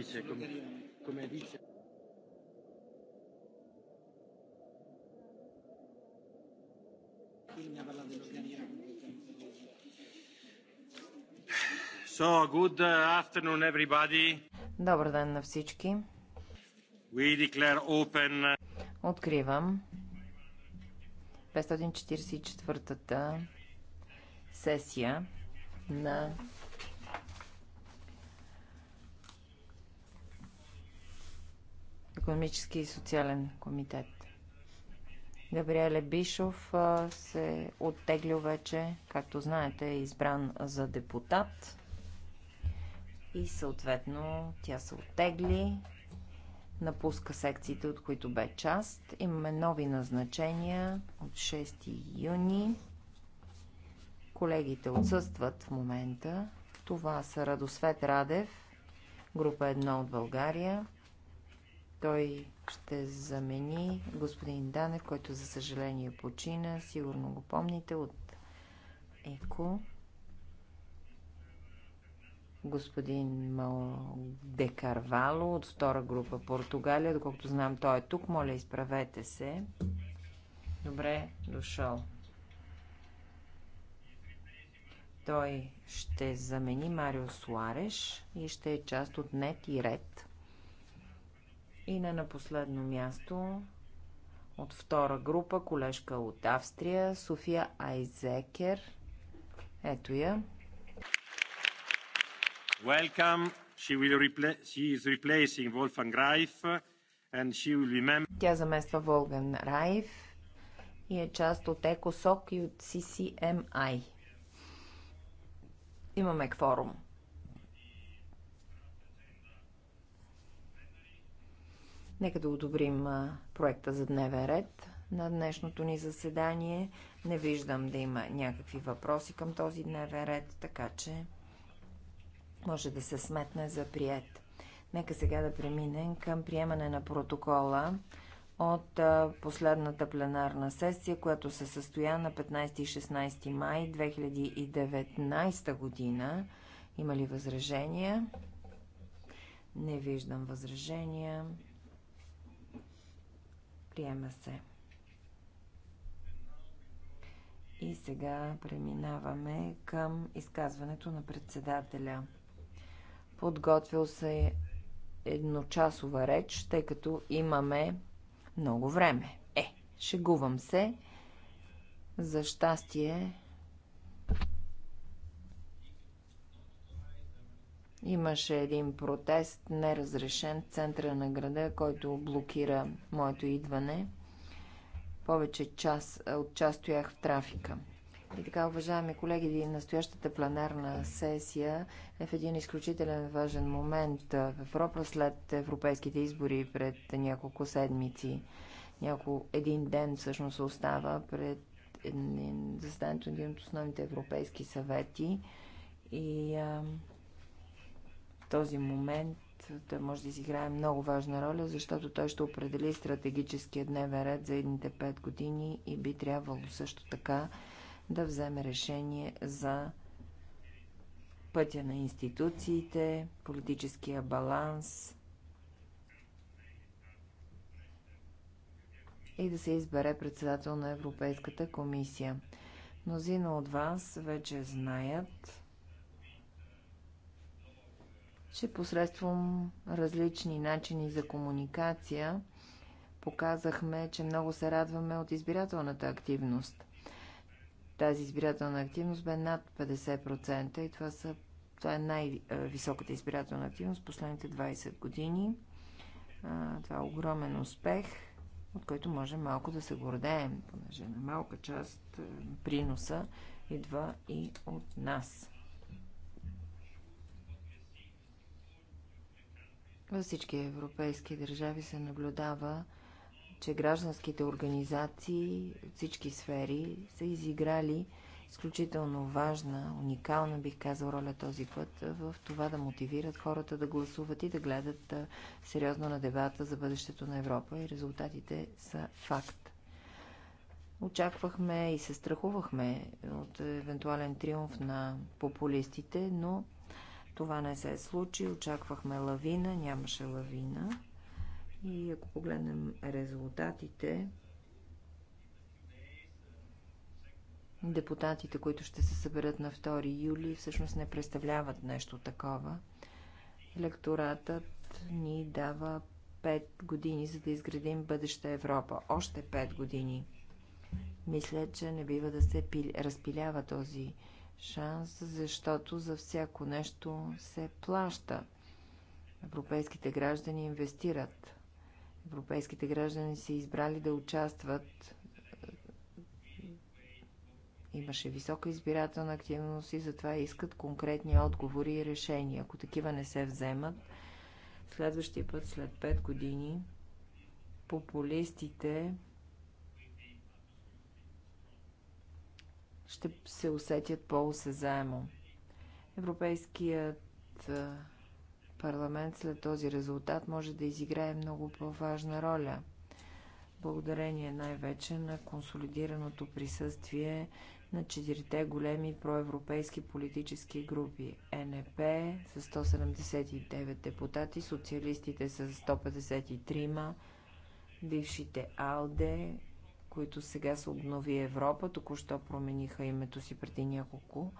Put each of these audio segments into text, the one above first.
dice, come, come dice. So, good afternoon, everybody. Добър ден на всички. We declare open... Откривам 544-та сесия на економически и социален комитет. Габриеле Бишов се оттеглил вече, както знаете, е избран за депутат и съответно тя се оттегли, напуска секциите, от които бе част. Имаме нови назначения от 6 юни. Колегите отсъстват в момента. Това са Радосвет Радев, група 1 от България, той ще замени господин Данев, който за съжаление почина. Сигурно го помните от ЕКО. Господин Декарвало от втора група Португалия. Доколкото знам, той е тук. Моля, изправете се. Добре, дошъл. Той ще замени Марио Суареш и ще е част от НЕТ и РЕД – и не на последно място, от втора група, колежка от Австрия, София Айзекер. Ето я. Welcome. She, will repla- she is replacing Wolfgang Reif and she will remember... Тя замества Волган Райф и е част от ЕКОСОК и от CCMI. Имаме кворум. Нека да одобрим проекта за дневен ред на днешното ни заседание. Не виждам да има някакви въпроси към този дневен ред, така че може да се сметне за прият. Нека сега да преминем към приемане на протокола от последната пленарна сесия, която се състоя на 15 и 16 май 2019 година. Има ли възражения? Не виждам възражения. Приема се. И сега преминаваме към изказването на председателя. Подготвил се едночасова реч, тъй като имаме много време. Е, шегувам се. За щастие, Имаше един протест, неразрешен в центъра на града, който блокира моето идване. Повече час, от час стоях в трафика. И така, уважаеми колеги, настоящата пленарна сесия е в един изключителен важен момент в Европа след европейските избори пред няколко седмици. няколко един ден всъщност остава пред заседанието на един от основните европейски съвети и а, този момент той може да изиграе много важна роля, защото той ще определи стратегическия дневен ред за едните 5 години и би трябвало също така да вземе решение за пътя на институциите, политическия баланс и да се избере председател на Европейската комисия. Мнозина от вас вече знаят, че посредством различни начини за комуникация показахме, че много се радваме от избирателната активност. Тази избирателна активност бе над 50% и това, са, това е най-високата избирателна активност последните 20 години. Това е огромен успех, от който може малко да се гордеем, понеже на малка част е, приноса идва и от нас. Във всички европейски държави се наблюдава, че гражданските организации от всички сфери са изиграли изключително важна, уникална, бих казал, роля този път в това да мотивират хората да гласуват и да гледат сериозно на дебата за бъдещето на Европа и резултатите са факт. Очаквахме и се страхувахме от евентуален триумф на популистите, но това не се е случи. Очаквахме лавина, нямаше лавина. И ако погледнем резултатите, депутатите, които ще се съберат на 2 юли, всъщност не представляват нещо такова. Електоратът ни дава 5 години, за да изградим бъдеща Европа. Още 5 години. Мисля, че не бива да се разпилява този шанс, защото за всяко нещо се плаща. Европейските граждани инвестират. Европейските граждани са избрали да участват. Имаше висока избирателна активност и затова искат конкретни отговори и решения. Ако такива не се вземат, следващия път, след 5 години, популистите ще се усетят по-осезаемо. Европейският парламент след този резултат може да изиграе много по-важна роля. Благодарение най-вече на консолидираното присъствие на четирите големи проевропейски политически групи. НП с 179 депутати, социалистите с 153, бившите АЛДЕ които сега се обнови Европа, току-що промениха името си преди няколко,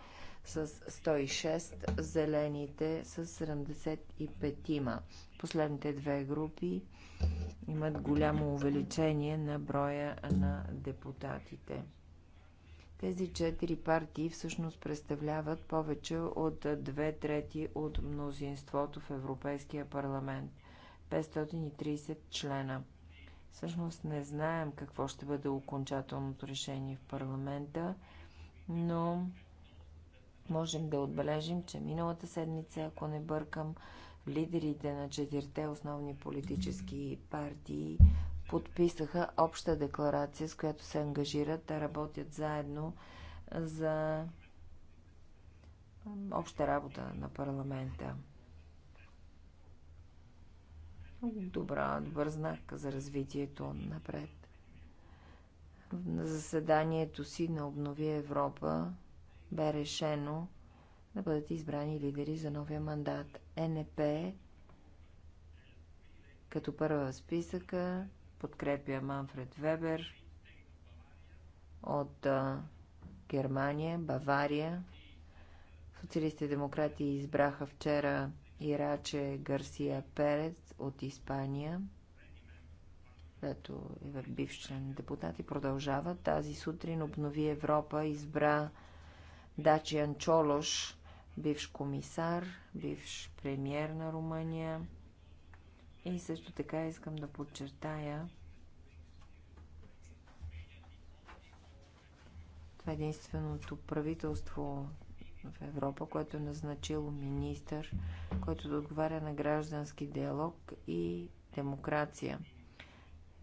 с 106, зелените с 75-ма. Последните две групи имат голямо увеличение на броя на депутатите. Тези четири партии всъщност представляват повече от две трети от мнозинството в Европейския парламент. 530 члена – Всъщност не знаем какво ще бъде окончателното решение в парламента, но можем да отбележим, че миналата седмица, ако не бъркам, лидерите на четирите основни политически партии подписаха обща декларация, с която се ангажират да работят заедно за обща работа на парламента. Много добра, добър знак за развитието напред. На заседанието си на Обнови Европа бе решено да бъдат избрани лидери за новия мандат. НП като първа в списъка подкрепя Манфред Вебер от Германия, Бавария. социалистите демократи избраха вчера Ираче Гарсия Перец от Испания, където е бивш член депутат и продължава. Тази сутрин обнови Европа, избра Дачиан Чолош, бивш комисар, бивш премьер на Румъния. И също така искам да подчертая, това е единственото правителство в Европа, което е назначило министър, който да отговаря на граждански диалог и демокрация.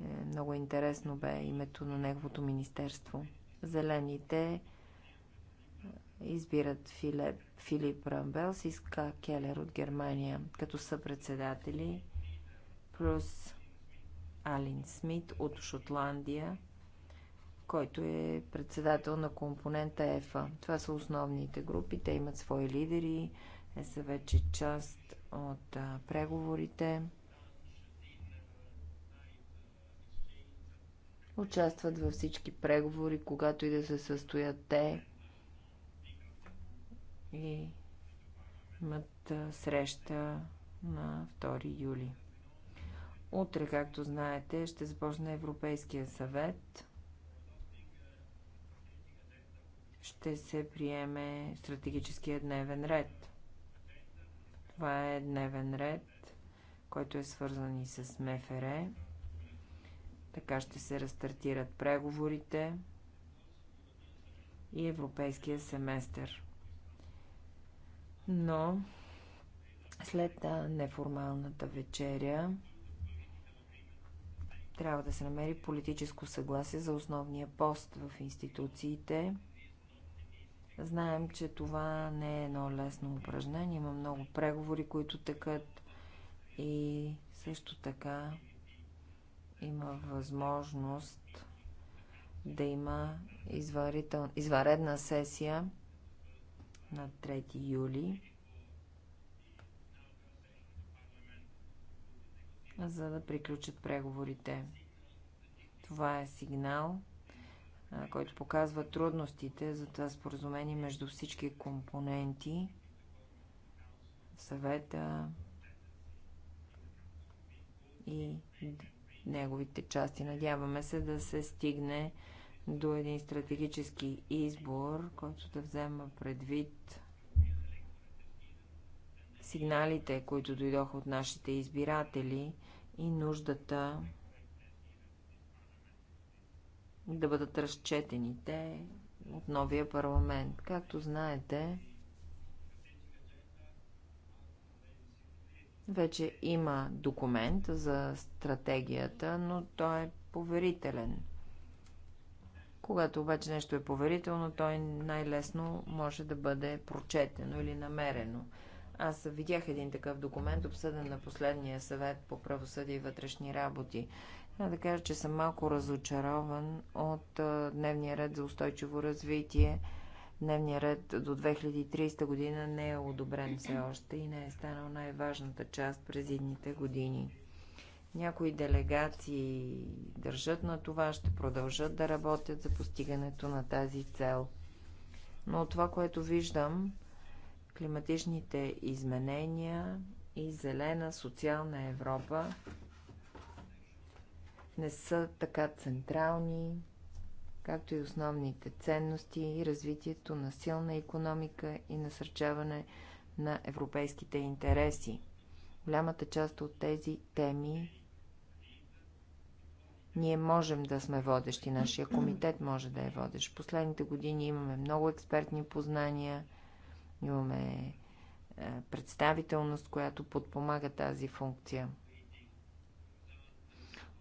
Е, много интересно бе името на неговото министерство. Зелените е, избират Филип, Филип Рамбел с Иска Келер от Германия като съпредседатели, плюс Алин Смит от Шотландия който е председател на компонента ЕФА. Това са основните групи, те имат свои лидери, те са вече част от а, преговорите. Участват във всички преговори, когато и да се състоят те. И имат а, среща на 2 юли. Утре, както знаете, ще започне Европейския съвет ще се приеме стратегическия дневен ред. Това е дневен ред, който е свързан и с МФР. Така ще се разтартират преговорите и европейския семестър. Но след неформалната вечеря трябва да се намери политическо съгласие за основния пост в институциите – Знаем, че това не е едно лесно упражнение. Има много преговори, които текат и също така има възможност да има изварител... изваредна сесия на 3 юли, за да приключат преговорите. Това е сигнал, който показва трудностите за това споразумение между всички компоненти, съвета и неговите части. Надяваме се да се стигне до един стратегически избор, който да взема предвид сигналите, които дойдоха от нашите избиратели и нуждата да бъдат разчетени те от новия парламент. Както знаете, вече има документ за стратегията, но той е поверителен. Когато обаче нещо е поверително, той най-лесно може да бъде прочетено или намерено. Аз видях един такъв документ, обсъден на последния съвет по правосъдие и вътрешни работи. Трябва да кажа, че съм малко разочарован от дневния ред за устойчиво развитие. Дневния ред до 2030 година не е одобрен все още и не е станал най-важната част през едните години. Някои делегации държат на това, ще продължат да работят за постигането на тази цел. Но от това, което виждам, климатичните изменения и зелена социална Европа не са така централни, както и основните ценности и развитието на силна економика и насърчаване на европейските интереси. Голямата част от тези теми ние можем да сме водещи, нашия комитет може да е водещ. Последните години имаме много експертни познания, имаме е, представителност, която подпомага тази функция.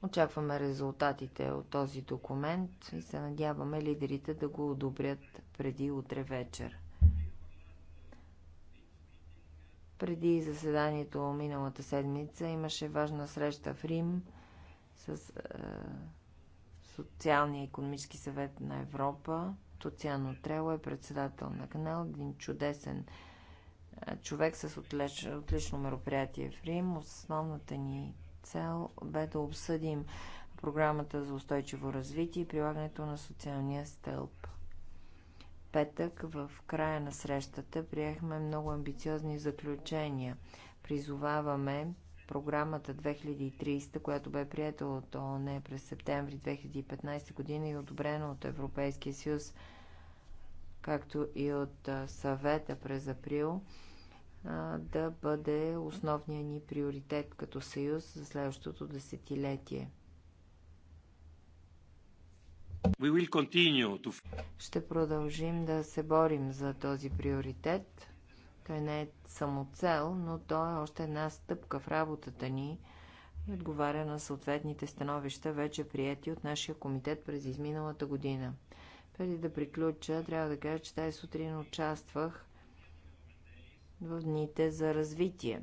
Очакваме резултатите от този документ и се надяваме лидерите да го одобрят преди утре вечер. Преди заседанието миналата седмица имаше важна среща в Рим с е, Социалния и економически съвет на Европа. Тоциано Трело е председател на канал, един чудесен е, човек с отлично мероприятие в Рим. Основната ни цел бе да обсъдим програмата за устойчиво развитие и прилагането на социалния стълб. Петък в края на срещата приехме много амбициозни заключения. Призоваваме програмата 2030, която бе приета от ОНЕ през септември 2015 година и одобрена от Европейския съюз, както и от съвета през април, да бъде основния ни приоритет като съюз за следващото десетилетие. To... Ще продължим да се борим за този приоритет. Той не е само цел, но той е още една стъпка в работата ни и отговаря на съответните становища, вече прияти от нашия комитет през изминалата година. Преди да приключа, трябва да кажа, че тази сутрин участвах в дните за развитие.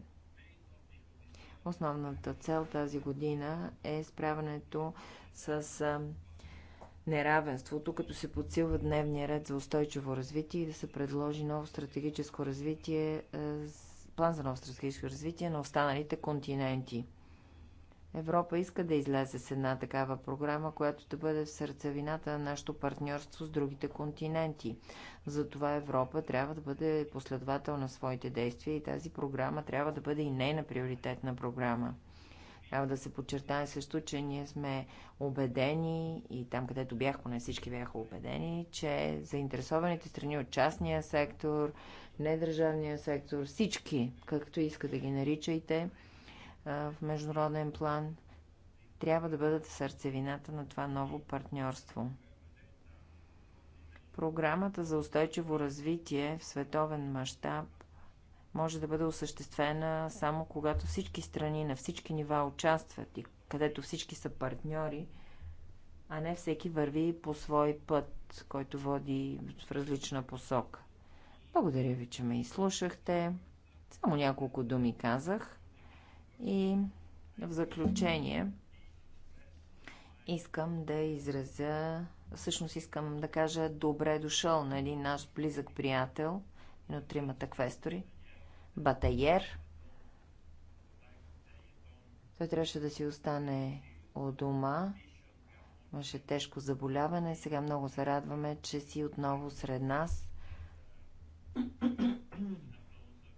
Основната цел тази година е справянето с неравенството, като се подсилва дневния ред за устойчиво развитие и да се предложи ново стратегическо развитие, план за ново стратегическо развитие на останалите континенти. Европа иска да излезе с една такава програма, която да бъде в сърцевината на нашето партньорство с другите континенти. Затова Европа трябва да бъде последовател на своите действия и тази програма трябва да бъде и нейна приоритетна програма. Трябва да се подчертае също, че ние сме убедени и там, където бях, поне всички бяха убедени, че заинтересованите страни от частния сектор, недържавния сектор, всички, както иска да ги наричайте, в международен план трябва да бъдат в сърцевината на това ново партньорство. Програмата за устойчиво развитие в световен мащаб може да бъде осъществена само когато всички страни на всички нива участват и където всички са партньори, а не всеки върви по свой път, който води в различна посока. Благодаря ви, че ме изслушахте. Само няколко думи казах. И в заключение искам да изразя, всъщност искам да кажа добре дошъл на един наш близък приятел, един от тримата квестори, Батайер. Той трябваше да си остане у дома. Имаше тежко заболяване. Сега много се радваме, че си отново сред нас.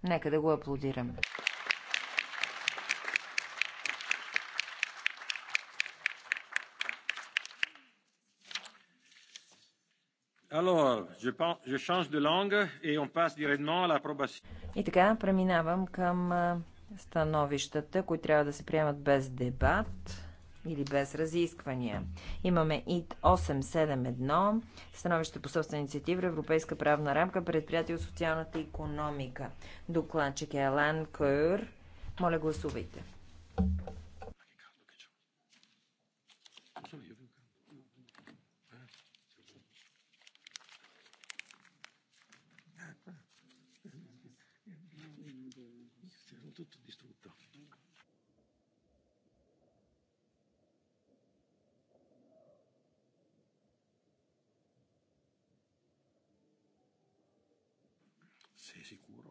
Нека да го аплодираме. И така, преминавам към становищата, които трябва да се приемат без дебат или без разисквания. Имаме ИТ 871, становище по собствена инициатива, Европейска правна рамка, предприятие от социалната економика. Докладчик е Алан Кър. Моля, гласувайте. Sei sicuro?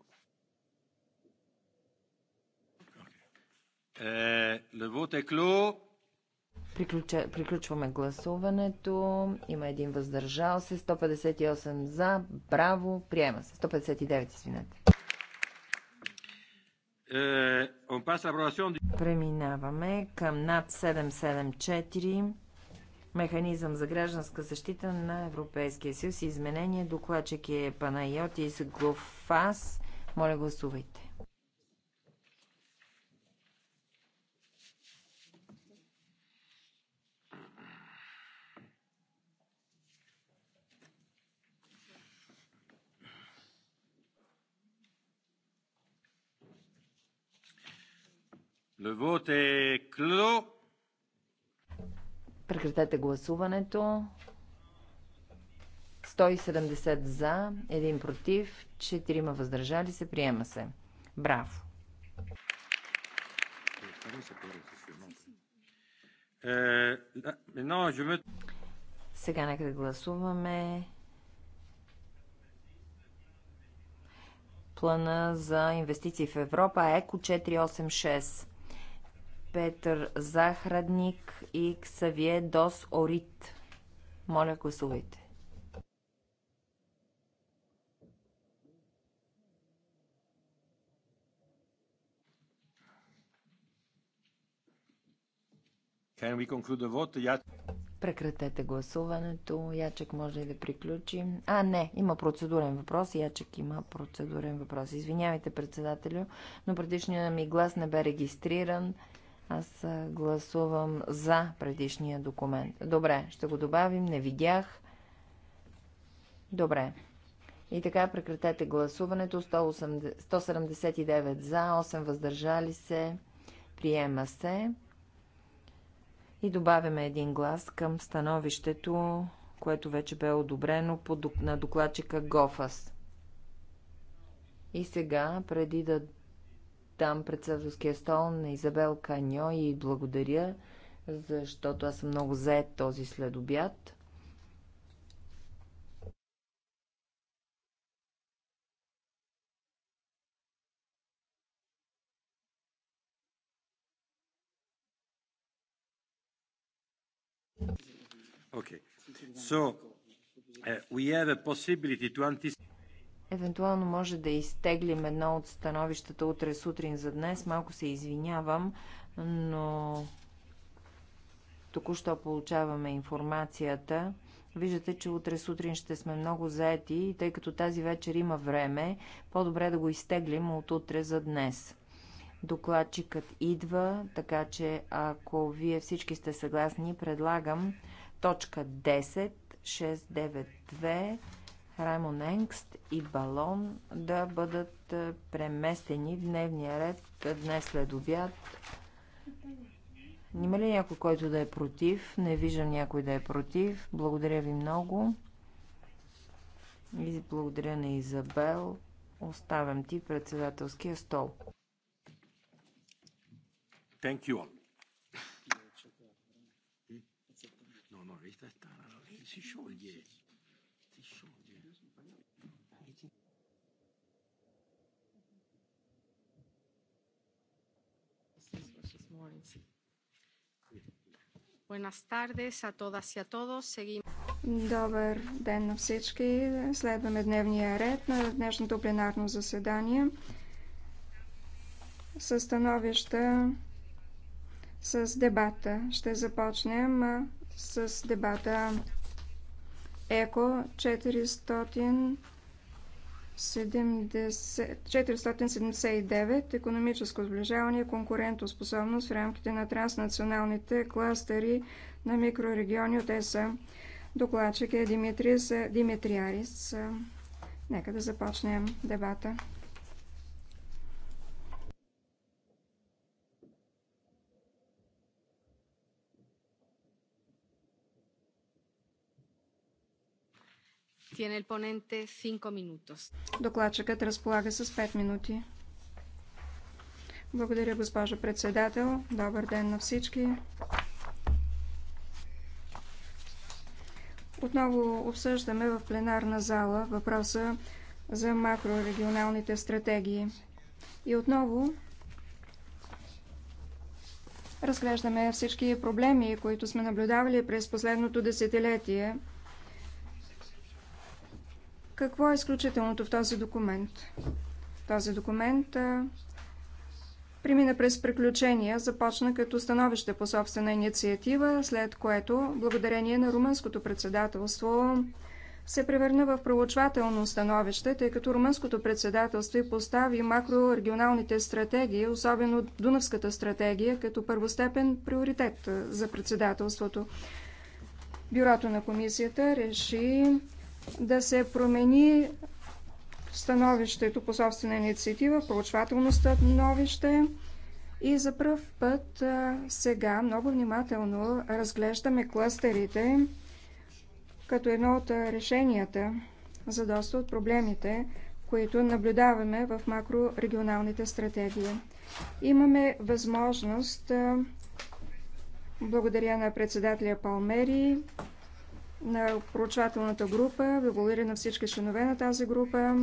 Е, vote Приключа, приключваме гласуването. Има един въздържал се. 158 за. Браво. Приема се. 159, извинете. Е, Преминаваме към над 774 механизъм за гражданска защита на Европейския съюз изменение. Докладчик е Панайотис Гофас. Моля, гласувайте. Le vote est clos. Прекратете гласуването. 170 за, 1 против, 4 въздържали се. Приема се. Браво! Сега нека да гласуваме плана за инвестиции в Европа ЕКО 486. Петър Захрадник и Ксавие Дос Орит. Моля, гласувайте. Прекратете гласуването. Ячек може и да приключи. А, не, има процедурен въпрос. Ячек има процедурен въпрос. Извинявайте, председателю, но предишният ми глас не бе регистриран. Аз гласувам за предишния документ. Добре, ще го добавим. Не видях. Добре. И така прекратете гласуването. 180, 179 за, 8 въздържали се. Приема се. И добавяме един глас към становището, което вече бе одобрено на докладчика ГОФАС. И сега, преди да дам председателския стол на Изабел Каньо и благодаря, защото аз съм много заед този следобяд. Okay. So, uh, we have a possibility to anticipate Евентуално може да изтеглим едно от становищата утре сутрин за днес. Малко се извинявам, но току-що получаваме информацията. Виждате, че утре сутрин ще сме много заети и тъй като тази вечер има време, по-добре да го изтеглим от утре за днес. Докладчикът идва, така че ако вие всички сте съгласни, предлагам точка 10 692 Раймон Енгст и Балон да бъдат е, преместени в дневния ред днес след обяд. Има ли някой, който да е против? Не виждам някой да е против. Благодаря ви много. И благодаря на Изабел. Оставям ти председателския стол. Thank you all. No, no, esta está, Добър ден на всички. Следваме дневния ред на днешното пленарно заседание. Със становища, с дебата. Ще започнем с дебата ЕКО 400 70, 479 економическо сближаване и конкурентоспособност в рамките на транснационалните кластери на микрорегиони от ЕСА. Докладчик е Димитрис Димитриарис. Нека да започнем дебата. Докладчикът разполага с 5 минути. Благодаря, госпожо председател. Добър ден на всички. Отново обсъждаме в пленарна зала въпроса за макрорегионалните стратегии. И отново разглеждаме всички проблеми, които сме наблюдавали през последното десетилетие – какво е изключителното в този документ? Този документ а, премина през приключения, започна като становище по собствена инициатива, след което, благодарение на румънското председателство, се превърна в проучвателно становище, тъй като румънското председателство и постави макрорегионалните стратегии, особено Дунавската стратегия, като първостепен приоритет за председателството. Бюрото на комисията реши да се промени становището по собствена инициатива, проучвателно становище. И за първ път сега много внимателно разглеждаме клъстерите като едно от решенията за доста от проблемите, които наблюдаваме в макрорегионалните стратегии. Имаме възможност, благодаря на председателя Палмери, на проучвателната група. Благодаря на всички членове на тази група,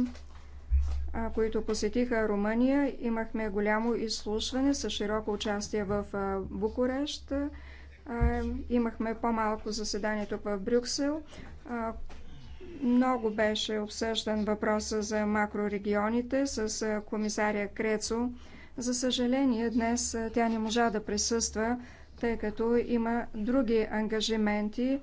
които посетиха Румъния. Имахме голямо изслушване с широко участие в Букурещ. Имахме по-малко заседание тук в Брюксел. Много беше обсъждан въпроса за макрорегионите с комисаря Крецо. За съжаление, днес тя не можа да присъства, тъй като има други ангажименти,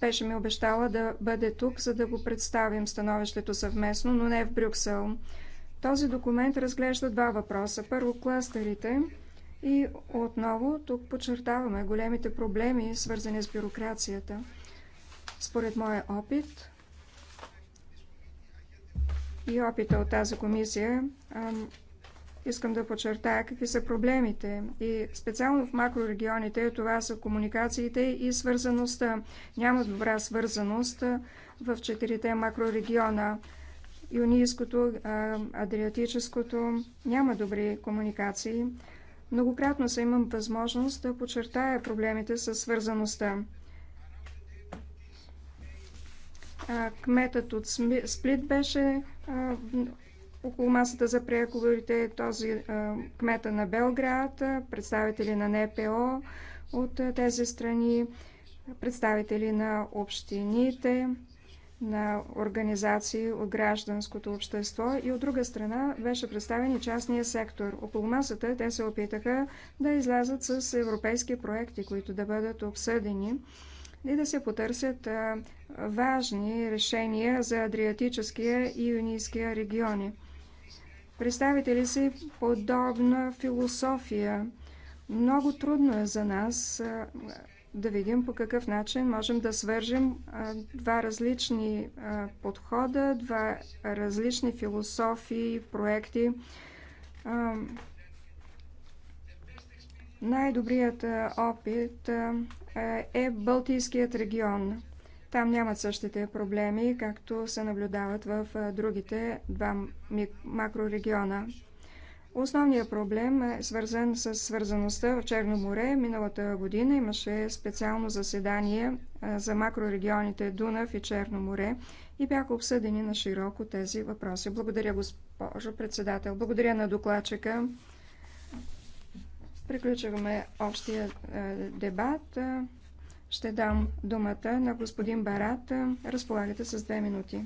беше ми обещала да бъде тук, за да го представим становището съвместно, но не в Брюксел. Този документ разглежда два въпроса. Първо, кластерите. И отново тук подчертаваме големите проблеми, свързани с бюрокрацията. Според моя опит и опита от тази комисия, Искам да подчертая какви са проблемите и специално в макрорегионите това са комуникациите и свързаността. Няма добра свързаност в четирите макрорегиона. Юнийското, Адриатическото няма добри комуникации. Многократно се имам възможност да подчертая проблемите с свързаността. Кметът от Сплит беше около масата за преговорите този кмета на Белград, представители на НПО от тези страни, представители на общините, на организации от гражданското общество и от друга страна беше представен и частния сектор. Около масата те се опитаха да излязат с европейски проекти, които да бъдат обсъдени и да се потърсят важни решения за Адриатическия и Юнийския региони. Представите ли си подобна философия? Много трудно е за нас да видим по какъв начин можем да свържем два различни подхода, два различни философии, проекти. Най-добрият опит е Балтийският регион. Там нямат същите проблеми, както се наблюдават в другите два макрорегиона. Основният проблем е свързан с свързаността в Черно море. Миналата година имаше специално заседание за макрорегионите Дунав и Черно море и бяха обсъдени на широко тези въпроси. Благодаря, госпожо председател. Благодаря на докладчика. Приключваме общия дебат. Ще дам думата на господин Барат. Разполагате с две минути.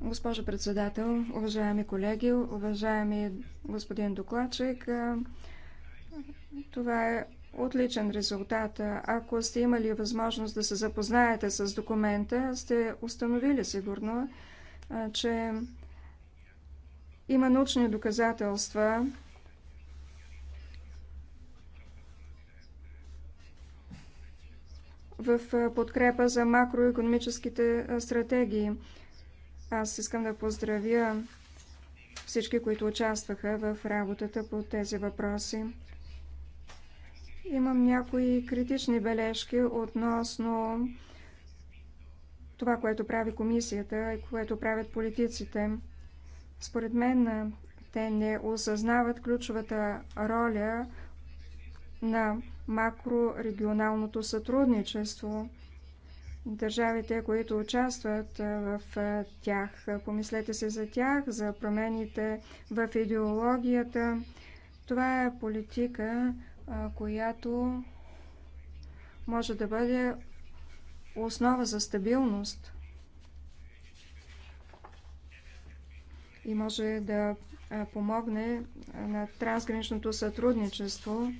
Госпожо председател, уважаеми колеги, уважаеми господин докладчик, това е отличен резултат. Ако сте имали възможност да се запознаете с документа, сте установили сигурно, че има научни доказателства в подкрепа за макроекономическите стратегии. Аз искам да поздравя всички, които участваха в работата по тези въпроси. Имам някои критични бележки относно това, което прави комисията и което правят политиците. Според мен те не осъзнават ключовата роля, на макрорегионалното сътрудничество. Държавите, които участват в тях, помислете се за тях, за промените в идеологията. Това е политика, която може да бъде основа за стабилност и може да помогне на трансграничното сътрудничество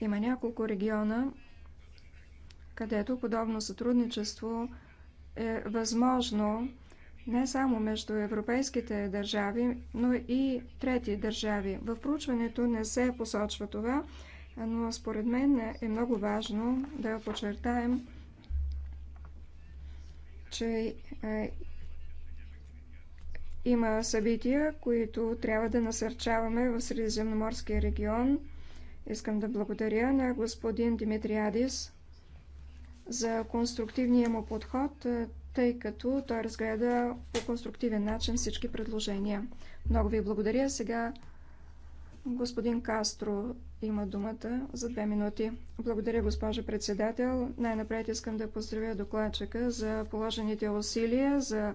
има няколко региона, където подобно сътрудничество е възможно не само между европейските държави, но и трети държави. В проучването не се посочва това, но според мен е много важно да подчертаем, че е, има събития, които трябва да насърчаваме в Средиземноморския регион – Искам да благодаря на господин Димитриадис за конструктивния му подход, е, тъй като той разгледа по конструктивен начин всички предложения. Много ви благодаря. Сега господин Кастро има думата за две минути. Благодаря, госпожа председател. Най-напред искам да поздравя докладчика за положените усилия, за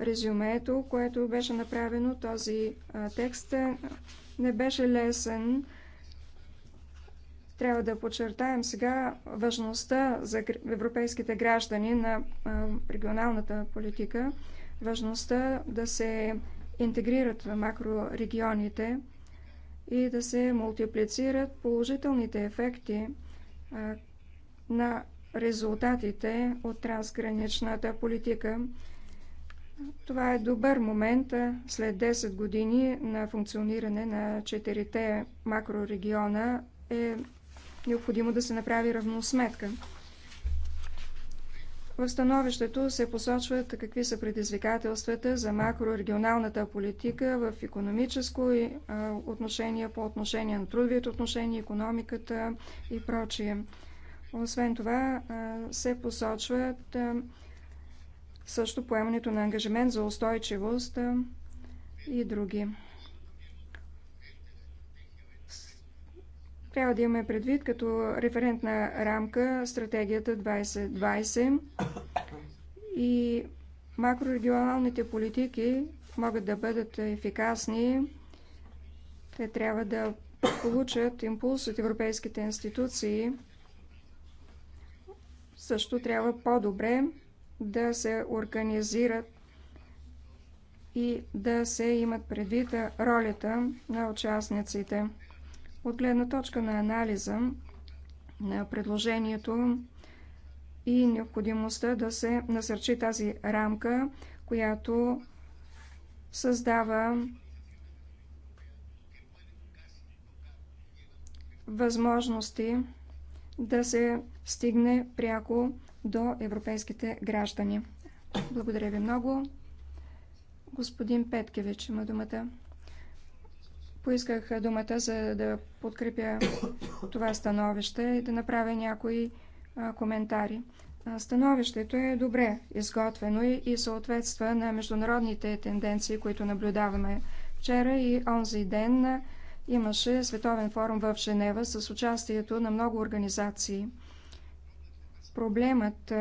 резюмето, което беше направено. Този текст е, не беше лесен трябва да подчертаем сега важността за европейските граждани на регионалната политика, важността да се интегрират в макрорегионите и да се мултиплицират положителните ефекти на резултатите от трансграничната политика. Това е добър момент след 10 години на функциониране на четирите макрорегиона е необходимо да се направи равносметка. В становището се посочват какви са предизвикателствата за макрорегионалната политика в економическо отношение, по отношение на трудовите отношения, економиката и прочие. Освен това се посочват също поемането на ангажимент за устойчивост и други. Трябва да имаме предвид като референтна рамка стратегията 2020 и макрорегионалните политики могат да бъдат ефикасни. Те трябва да получат импулс от европейските институции. Също трябва по-добре да се организират и да се имат предвид ролята на участниците. От гледна точка на анализа на предложението и необходимостта да се насърчи тази рамка, която създава възможности да се стигне пряко до европейските граждани. Благодаря ви много. Господин Петкевич има думата. Поисках думата, за да подкрепя това становище и да направя някои коментари. Становището е добре изготвено и съответства на международните тенденции, които наблюдаваме. Вчера и онзи ден имаше световен форум в Женева с участието на много организации. Проблемът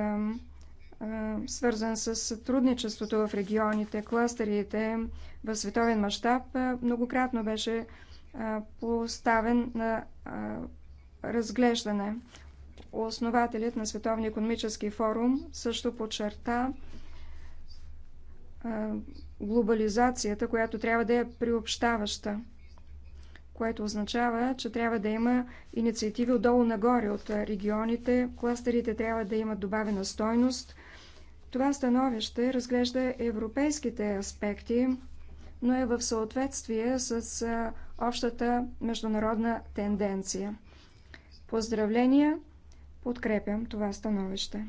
свързан с сътрудничеството в регионите, кластерите в световен мащаб, многократно беше поставен на разглеждане. Основателят на Световния економически форум също подчерта глобализацията, която трябва да е приобщаваща, което означава, че трябва да има инициативи отдолу нагоре от регионите, кластерите трябва да имат добавена стойност, това становище разглежда европейските аспекти, но е в съответствие с общата международна тенденция. Поздравления! Подкрепям това становище.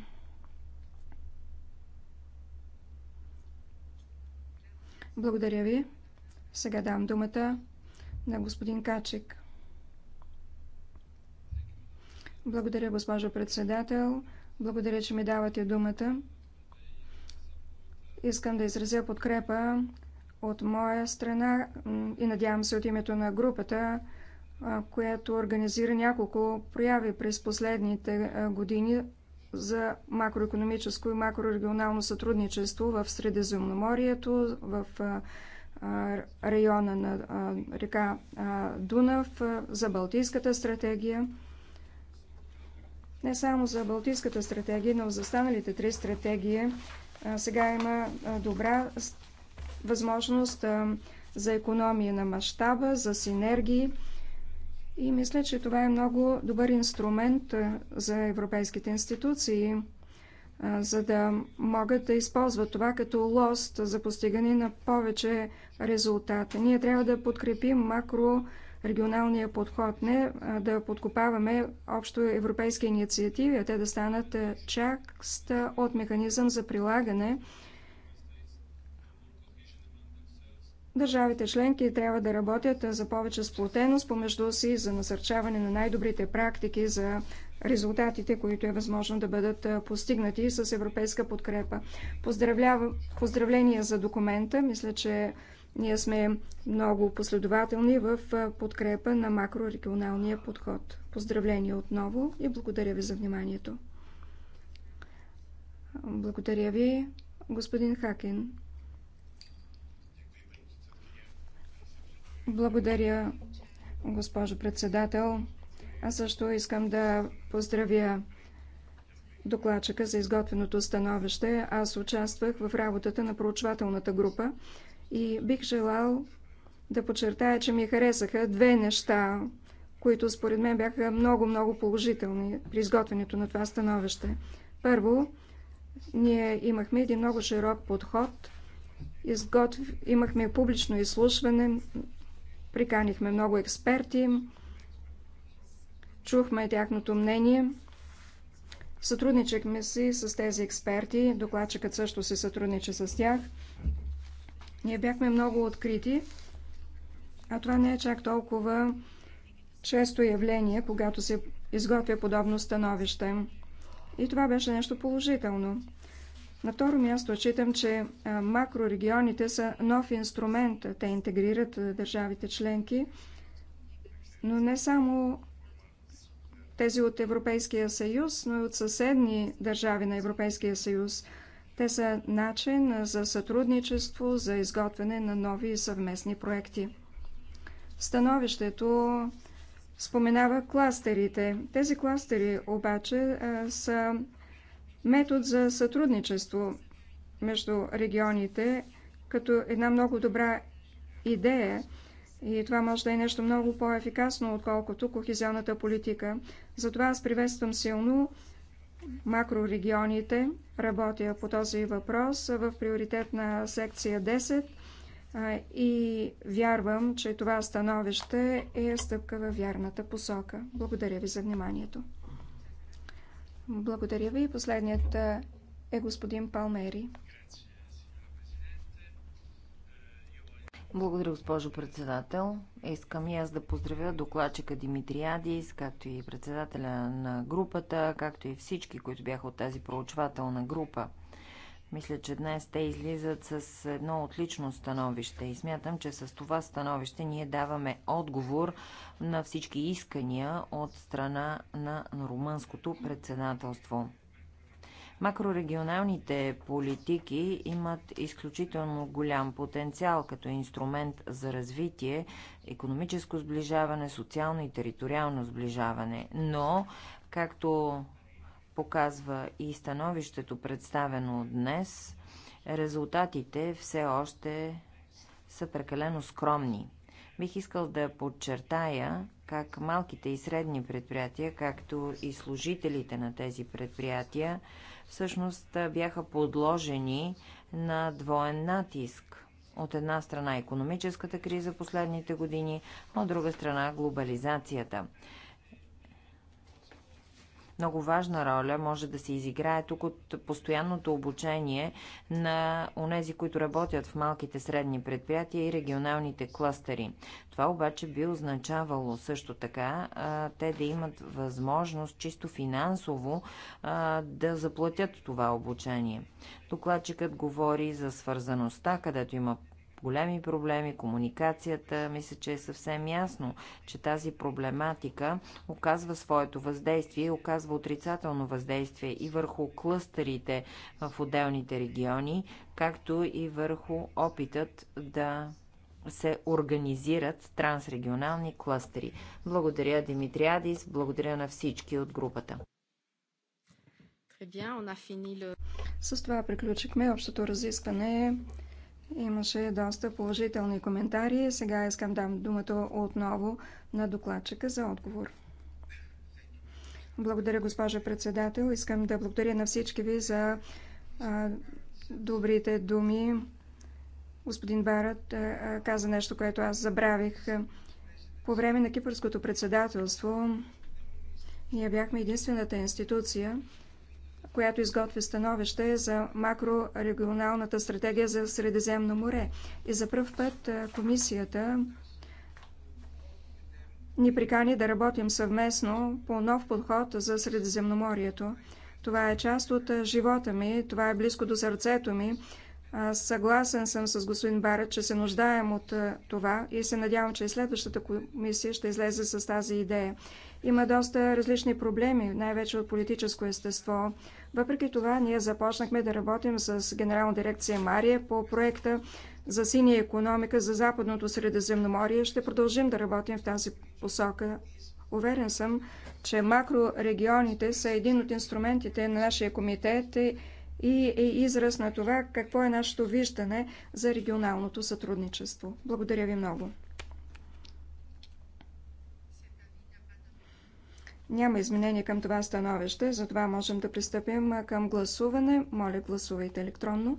Благодаря ви. Сега дам думата на господин Качик. Благодаря, госпожо председател. Благодаря, че ми давате думата. Искам да изразя подкрепа от моя страна и надявам се от името на групата, която организира няколко прояви през последните години за макроекономическо и макрорегионално сътрудничество в Средиземноморието, в района на река Дунав, за Балтийската стратегия. Не само за Балтийската стратегия, но за останалите три стратегии сега има добра възможност за економия на мащаба, за синергии. И мисля, че това е много добър инструмент за европейските институции, за да могат да използват това като лост за постигане на повече резултата. Ние трябва да подкрепим макро регионалния подход, не да подкопаваме общо европейски инициативи, а те да станат част от механизъм за прилагане. Държавите членки трябва да работят за повече сплотеност помежду си, за насърчаване на най-добрите практики, за резултатите, които е възможно да бъдат постигнати с европейска подкрепа. Поздравлява, поздравления за документа. Мисля, че ние сме много последователни в подкрепа на макрорегионалния подход. Поздравления отново и благодаря ви за вниманието. Благодаря ви, господин Хакен. Благодаря, госпожо председател. Аз също искам да поздравя докладчика за изготвеното становище. Аз участвах в работата на проучвателната група и бих желал да подчертая, че ми харесаха две неща, които според мен бяха много-много положителни при изготвянето на това становище. Първо, ние имахме един много широк подход. Изготв... Имахме публично изслушване, приканихме много експерти, чухме тяхното мнение. Сътрудничахме си с тези експерти, докладчикът също се сътрудничи с тях. Ние бяхме много открити, а това не е чак толкова често явление, когато се изготвя подобно становище. И това беше нещо положително. На второ място читам, че макрорегионите са нов инструмент. Те интегрират държавите членки, но не само тези от Европейския съюз, но и от съседни държави на Европейския съюз – те са начин за сътрудничество, за изготвяне на нови съвместни проекти. Становището споменава кластерите. Тези кластери обаче са метод за сътрудничество между регионите, като една много добра идея и това може да е нещо много по-ефикасно, отколкото кохезионната политика. Затова аз приветствам силно макрорегионите. Работя по този въпрос в приоритетна секция 10 и вярвам, че това становище е стъпка във вярната посока. Благодаря ви за вниманието. Благодаря ви. Последният е господин Палмери. Благодаря, госпожо председател. Искам и аз да поздравя докладчика Димитриадис, както и председателя на групата, както и всички, които бяха от тази проучвателна група. Мисля, че днес те излизат с едно отлично становище и смятам, че с това становище ние даваме отговор на всички искания от страна на румънското председателство. Макрорегионалните политики имат изключително голям потенциал като инструмент за развитие, економическо сближаване, социално и териториално сближаване, но, както показва и становището представено днес, резултатите все още са прекалено скромни. Бих искал да подчертая, как малките и средни предприятия, както и служителите на тези предприятия, всъщност бяха подложени на двоен натиск. От една страна економическата криза последните години, от друга страна глобализацията много важна роля може да се изиграе тук от постоянното обучение на онези, които работят в малките средни предприятия и регионалните клъстери. Това обаче би означавало също така те да имат възможност чисто финансово да заплатят това обучение. Докладчикът говори за свързаността, където има големи проблеми, комуникацията, мисля, че е съвсем ясно, че тази проблематика оказва своето въздействие, оказва отрицателно въздействие и върху клъстерите в отделните региони, както и върху опитът да се организират трансрегионални клъстери. Благодаря Димитриадис, благодаря на всички от групата. С това приключихме общото разискване Имаше доста положителни коментари. Сега искам дам думата отново на докладчика за отговор. Благодаря, госпожа председател. Искам да благодаря на всички ви за а, добрите думи. Господин Барат а, каза нещо, което аз забравих. По време на кипърското председателство ние бяхме единствената институция, която изготви становище за макрорегионалната стратегия за Средиземно море. И за първ път комисията ни прикани да работим съвместно по нов подход за Средиземноморието. Това е част от живота ми, това е близко до сърцето ми. Съгласен съм с господин Барет, че се нуждаем от това и се надявам, че и следващата комисия ще излезе с тази идея. Има доста различни проблеми, най-вече от политическо естество. Въпреки това, ние започнахме да работим с Генерална дирекция Мария по проекта за синия економика за Западното Средиземноморие. Ще продължим да работим в тази посока. Уверен съм, че макрорегионите са един от инструментите на нашия комитет и е израз на това какво е нашето виждане за регионалното сътрудничество. Благодаря ви много. Няма изменение към това становище, затова можем да пристъпим към гласуване. Моля, гласувайте електронно.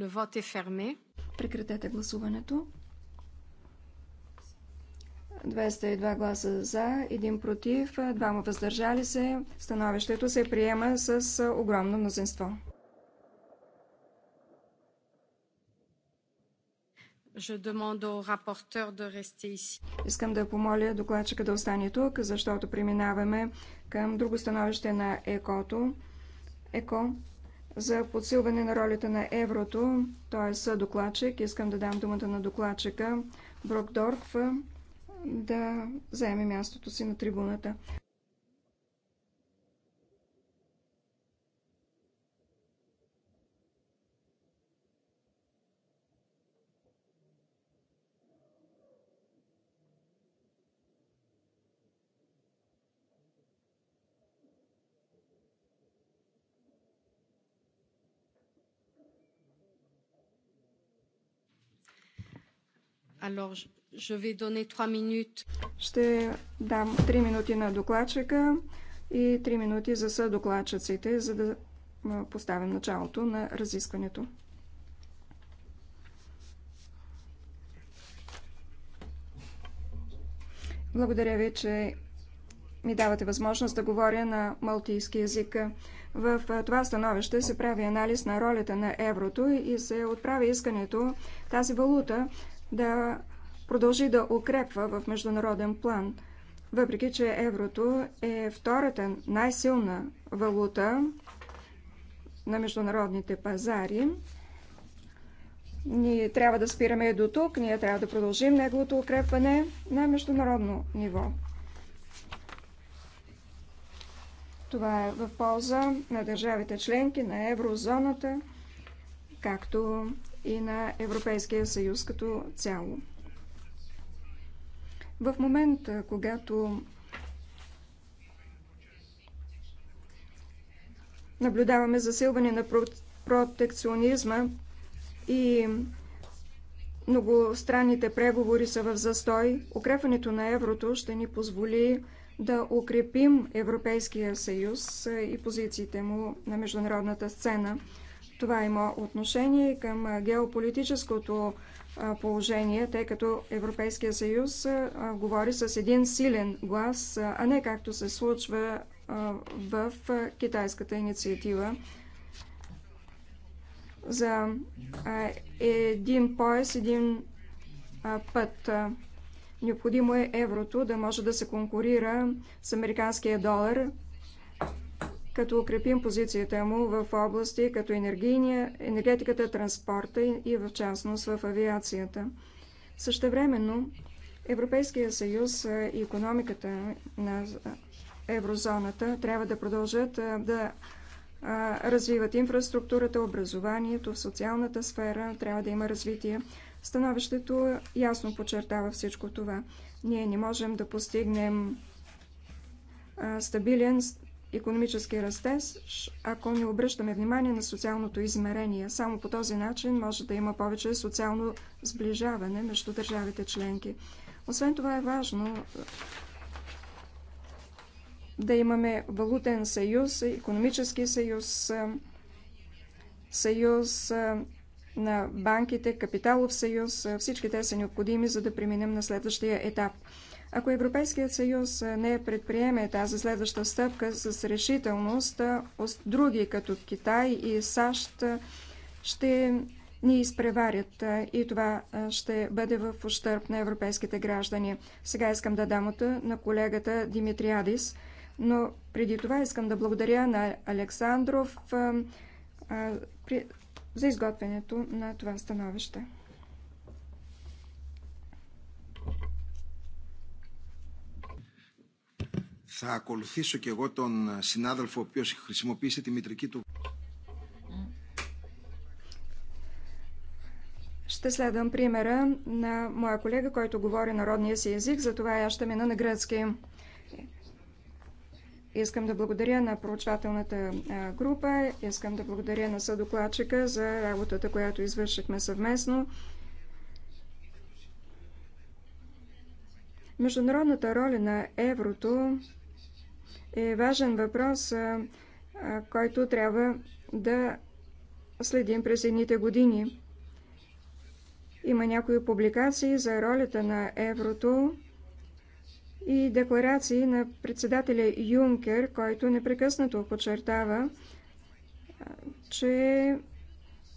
Le vote est fermé. Прекратете гласуването. 202 гласа за, 1 против, 2 въздържали се. Становището се приема с огромно мнозинство. Искам да помоля докладчика да остане тук, защото преминаваме към друго становище на ЕКО. -то. ЕКО за подсилване на ролята на еврото. т.е. докладчик, Искам да дам думата на докладчика Брокдорф да заеме мястото си на трибуната. Ще дам 3 минути на докладчика и 3 минути за съдокладчиците, за да поставим началото на разискването. Благодаря ви, че ми давате възможност да говоря на малтийски язик. В това становище се прави анализ на ролята на еврото и се отправи искането тази валута да продължи да укрепва в международен план, въпреки че еврото е втората най-силна валута на международните пазари. Ние трябва да спираме до тук, ние трябва да продължим неговото укрепване на международно ниво. Това е в полза на държавите членки на еврозоната, както и на Европейския съюз като цяло. В момента, когато наблюдаваме засилване на протекционизма и многостранните преговори са в застой, укрепването на еврото ще ни позволи да укрепим Европейския съюз и позициите му на международната сцена. Това има отношение към геополитическото положение, тъй като Европейския съюз говори с един силен глас, а не както се случва в китайската инициатива за един пояс, един път. Необходимо е еврото да може да се конкурира с американския долар, като укрепим позицията му в области като енергетиката, транспорта и в частност в авиацията. Същевременно Европейския съюз и економиката на еврозоната трябва да продължат да развиват инфраструктурата, образованието, в социалната сфера трябва да има развитие. Становището ясно подчертава всичко това. Ние не можем да постигнем стабилен економически растеж, ако не обръщаме внимание на социалното измерение. Само по този начин може да има повече социално сближаване между държавите членки. Освен това е важно е, да имаме валутен съюз, економически съюз, е, съюз е, на банките, капиталов съюз. Всички те са необходими, за да преминем на следващия етап – ако Европейският съюз не предприеме тази следваща стъпка с решителност, други като Китай и САЩ ще ни изпреварят и това ще бъде в ущърп на европейските граждани. Сега искам да дам от на колегата Димитриадис, но преди това искам да благодаря на Александров за изготвянето на това становище. θα ακολουθήσω και εγώ τον συνάδελφο ο οποίος χρησιμοποίησε τη μητρική του. Ще следвам примера на моя колега, който говори народния си език, затова аз ще мина на гръцки. Искам да благодаря на проучвателната група, искам да благодаря на съдокладчика за работата, която извършихме съвместно. Международната роля на еврото е важен въпрос, който трябва да следим през едните години. Има някои публикации за ролята на еврото и декларации на председателя Юнкер, който непрекъснато подчертава, че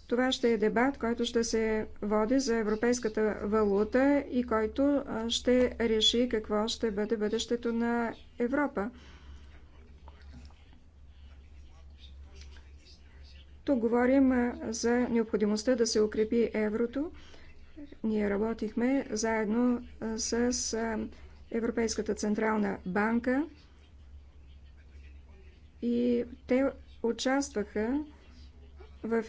това ще е дебат, който ще се води за европейската валута и който ще реши какво ще бъде бъдещето на Европа. Тук говорим за необходимостта да се укрепи еврото. Ние работихме заедно с Европейската централна банка и те участваха в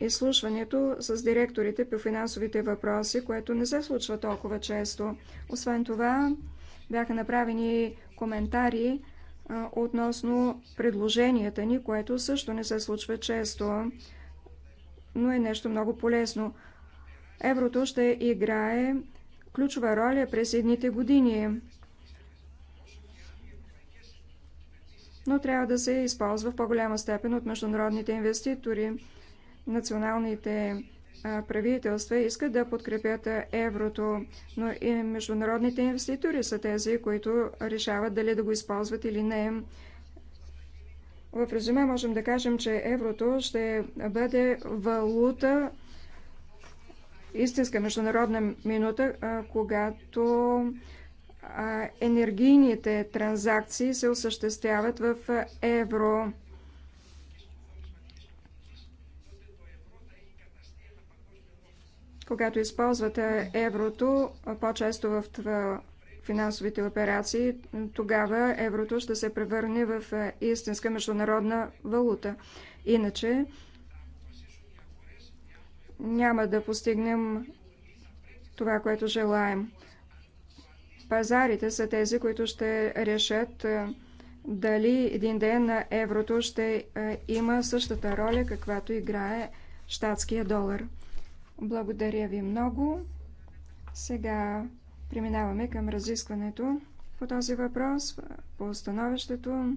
изслушването с директорите по финансовите въпроси, което не се случва толкова често. Освен това, бяха направени коментари относно предложенията ни, което също не се случва често, но е нещо много полезно. Еврото ще играе ключова роля през едните години, но трябва да се използва в по-голяма степен от международните инвеститори. Националните правителства искат да подкрепят еврото, но и международните инвеститори са тези, които решават дали да го използват или не. В резюме можем да кажем, че еврото ще бъде валута, истинска международна минута, когато енергийните транзакции се осъществяват в евро. Когато използвате еврото по-често в финансовите операции, тогава еврото ще се превърне в истинска международна валута. Иначе няма да постигнем това, което желаем. Пазарите са тези, които ще решат дали един ден на еврото ще има същата роля, каквато играе щатския долар. Благодаря ви много. Сега преминаваме към разискването по този въпрос, по становището.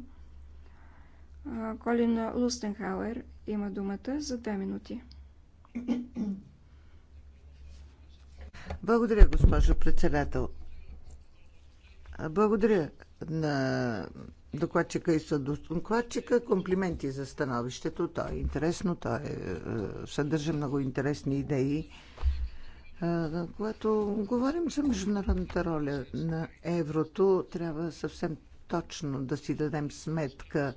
Колин Лустенхауер има думата за две минути. Благодаря, госпожо председател. Благодаря на докладчика и съдокладчика. Комплименти за становището. То е интересно, то е, е съдържа много интересни идеи. Когато говорим за международната роля на еврото, трябва съвсем точно да си дадем сметка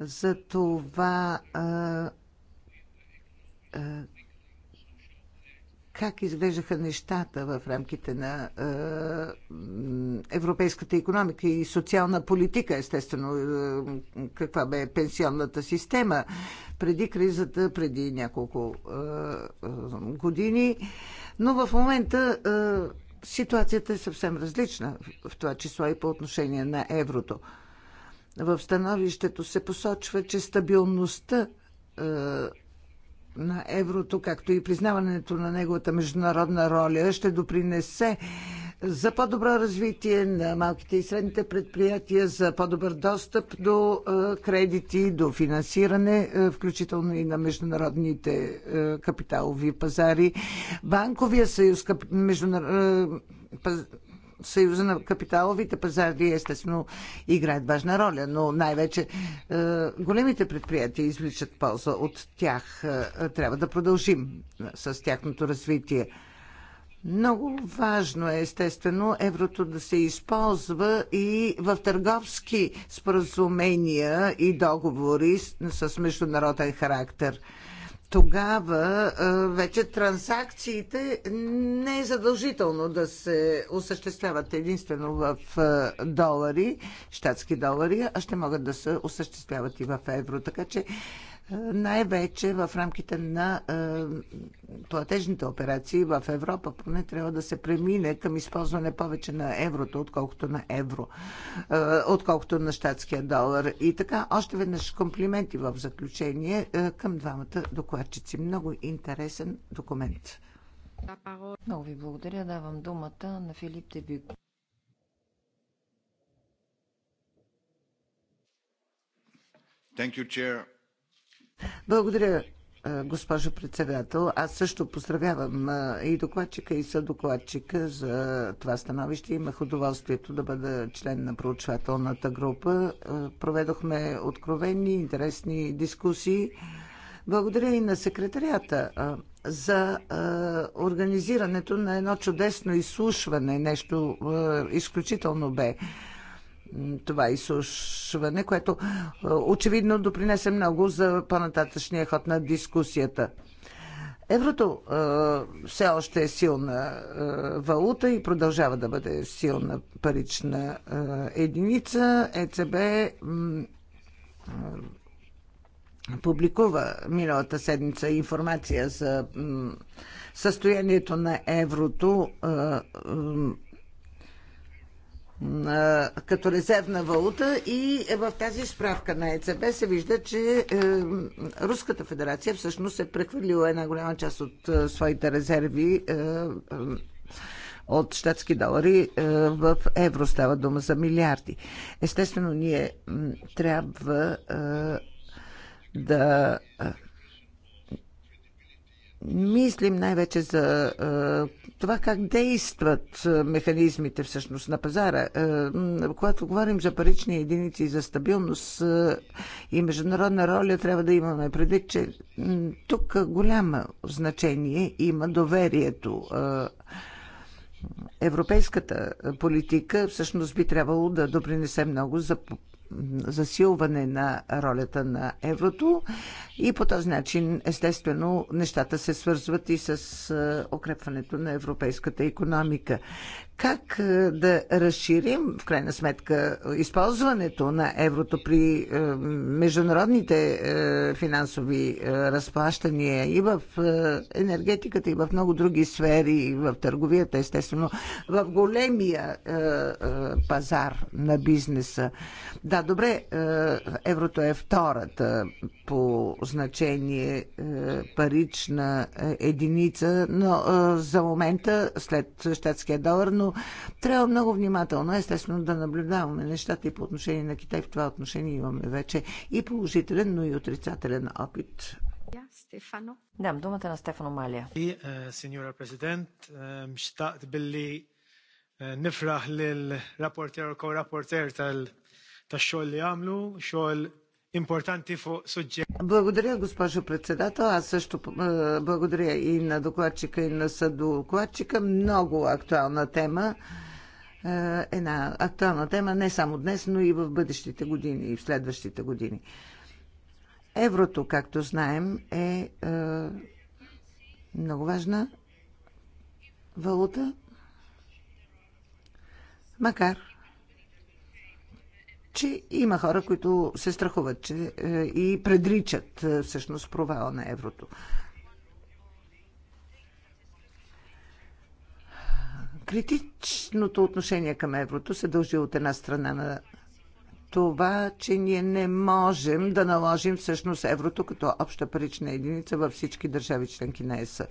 за това как изглеждаха нещата в рамките на е, европейската економика и социална политика, естествено, е, каква бе пенсионната система преди кризата, преди няколко е, е, години. Но в момента е, ситуацията е съвсем различна, в това число и по отношение на еврото. В становището се посочва, че стабилността е, на еврото, както и признаването на неговата международна роля, ще допринесе за по-добро развитие на малките и средните предприятия, за по-добър достъп до е, кредити, до финансиране, е, включително и на международните е, капиталови пазари. Банковия съюз, международ Съюза на капиталовите пазари естествено играят важна роля, но най-вече е, големите предприятия извличат полза от тях. Е, трябва да продължим е, с тяхното развитие. Много важно е, естествено, еврото да се използва и в търговски споразумения и договори с международен характер – тогава вече транзакциите не е задължително да се осъществяват единствено в долари, щатски долари, а ще могат да се осъществяват и в евро. Така че най-вече в рамките на е, платежните операции в Европа поне трябва да се премине към използване повече на еврото, отколкото на евро, е, отколкото на щатския долар. И така, още веднъж комплименти в заключение е, към двамата докладчици. Много интересен документ. Много ви благодаря. Давам думата на Филип Дебюк. Thank you, Chair. Благодаря, госпожо председател. Аз също поздравявам и докладчика, и съдокладчика за това становище. Имах удоволствието да бъда член на проучвателната група. Проведохме откровени, интересни дискусии. Благодаря и на секретарията за организирането на едно чудесно изслушване. Нещо изключително бе това изслушване, което е, очевидно допринесе много за по-нататъчния ход на дискусията. Еврото е, все още е силна е, валута и продължава да бъде силна парична е, единица. ЕЦБ е, публикува миналата седмица информация за състоянието на еврото е, като резервна валута и в тази справка на ЕЦБ се вижда, че е, Руската федерация всъщност е прехвърлила една голяма част от е, своите резерви е, от щатски долари в евро. Става дума за милиарди. Естествено, ние трябва да мислим най-вече за а, това как действат механизмите всъщност на пазара. А, когато говорим за парични единици и за стабилност а, и международна роля, трябва да имаме предвид, че тук голямо значение има доверието. Европейската политика всъщност би трябвало да допринесе много за засилване на ролята на еврото и по този начин, естествено, нещата се свързват и с е, укрепването на европейската економика как е, да разширим, в крайна сметка, използването на еврото при е, международните е, финансови разплащания и в енергетиката, и в много други сфери, и в търговията, естествено, в големия пазар на бизнеса. Да, добре, еврото е втората по значение парична единица, но за момента след щатския долар, но но трябва много внимателно, естествено, да наблюдаваме нещата и по отношение на Китай. В това отношение имаме вече и положителен, но и отрицателен опит. Стефано. Дам думата на Стефано Малия. И, е, сеньора президент, е, мечтат били е, нифрах лил рапортер, ко рапортер тал-xogħol li għamlu, благодаря, госпожо председател. Аз също е, благодаря и на докладчика, и на съдокладчика. Много актуална тема. Е, една актуална тема не само днес, но и в бъдещите години, и в следващите години. Еврото, както знаем, е, е много важна валута, макар че има хора, които се страхуват че, е, и предричат е, всъщност провала на еврото. Критичното отношение към еврото се дължи от една страна на това, че ние не можем да наложим всъщност еврото като обща парична единица във всички държави членки на ЕС.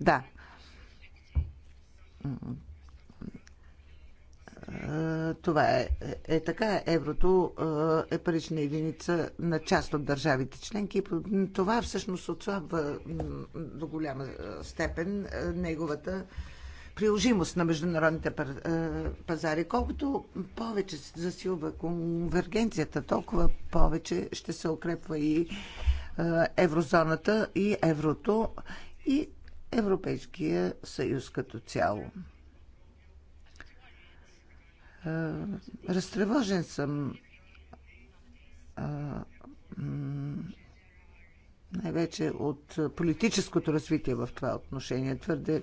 Да. Е, това е, е така. Еврото е, е парична единица на част от държавите членки. Това всъщност отслабва до голяма е, степен неговата приложимост на международните пазари. Колкото повече се засилва конвергенцията, толкова повече ще се укрепва и еврозоната, и еврото, и Европейския съюз като цяло. Е, разтревожен съм е, най-вече от политическото развитие в това отношение. Твърде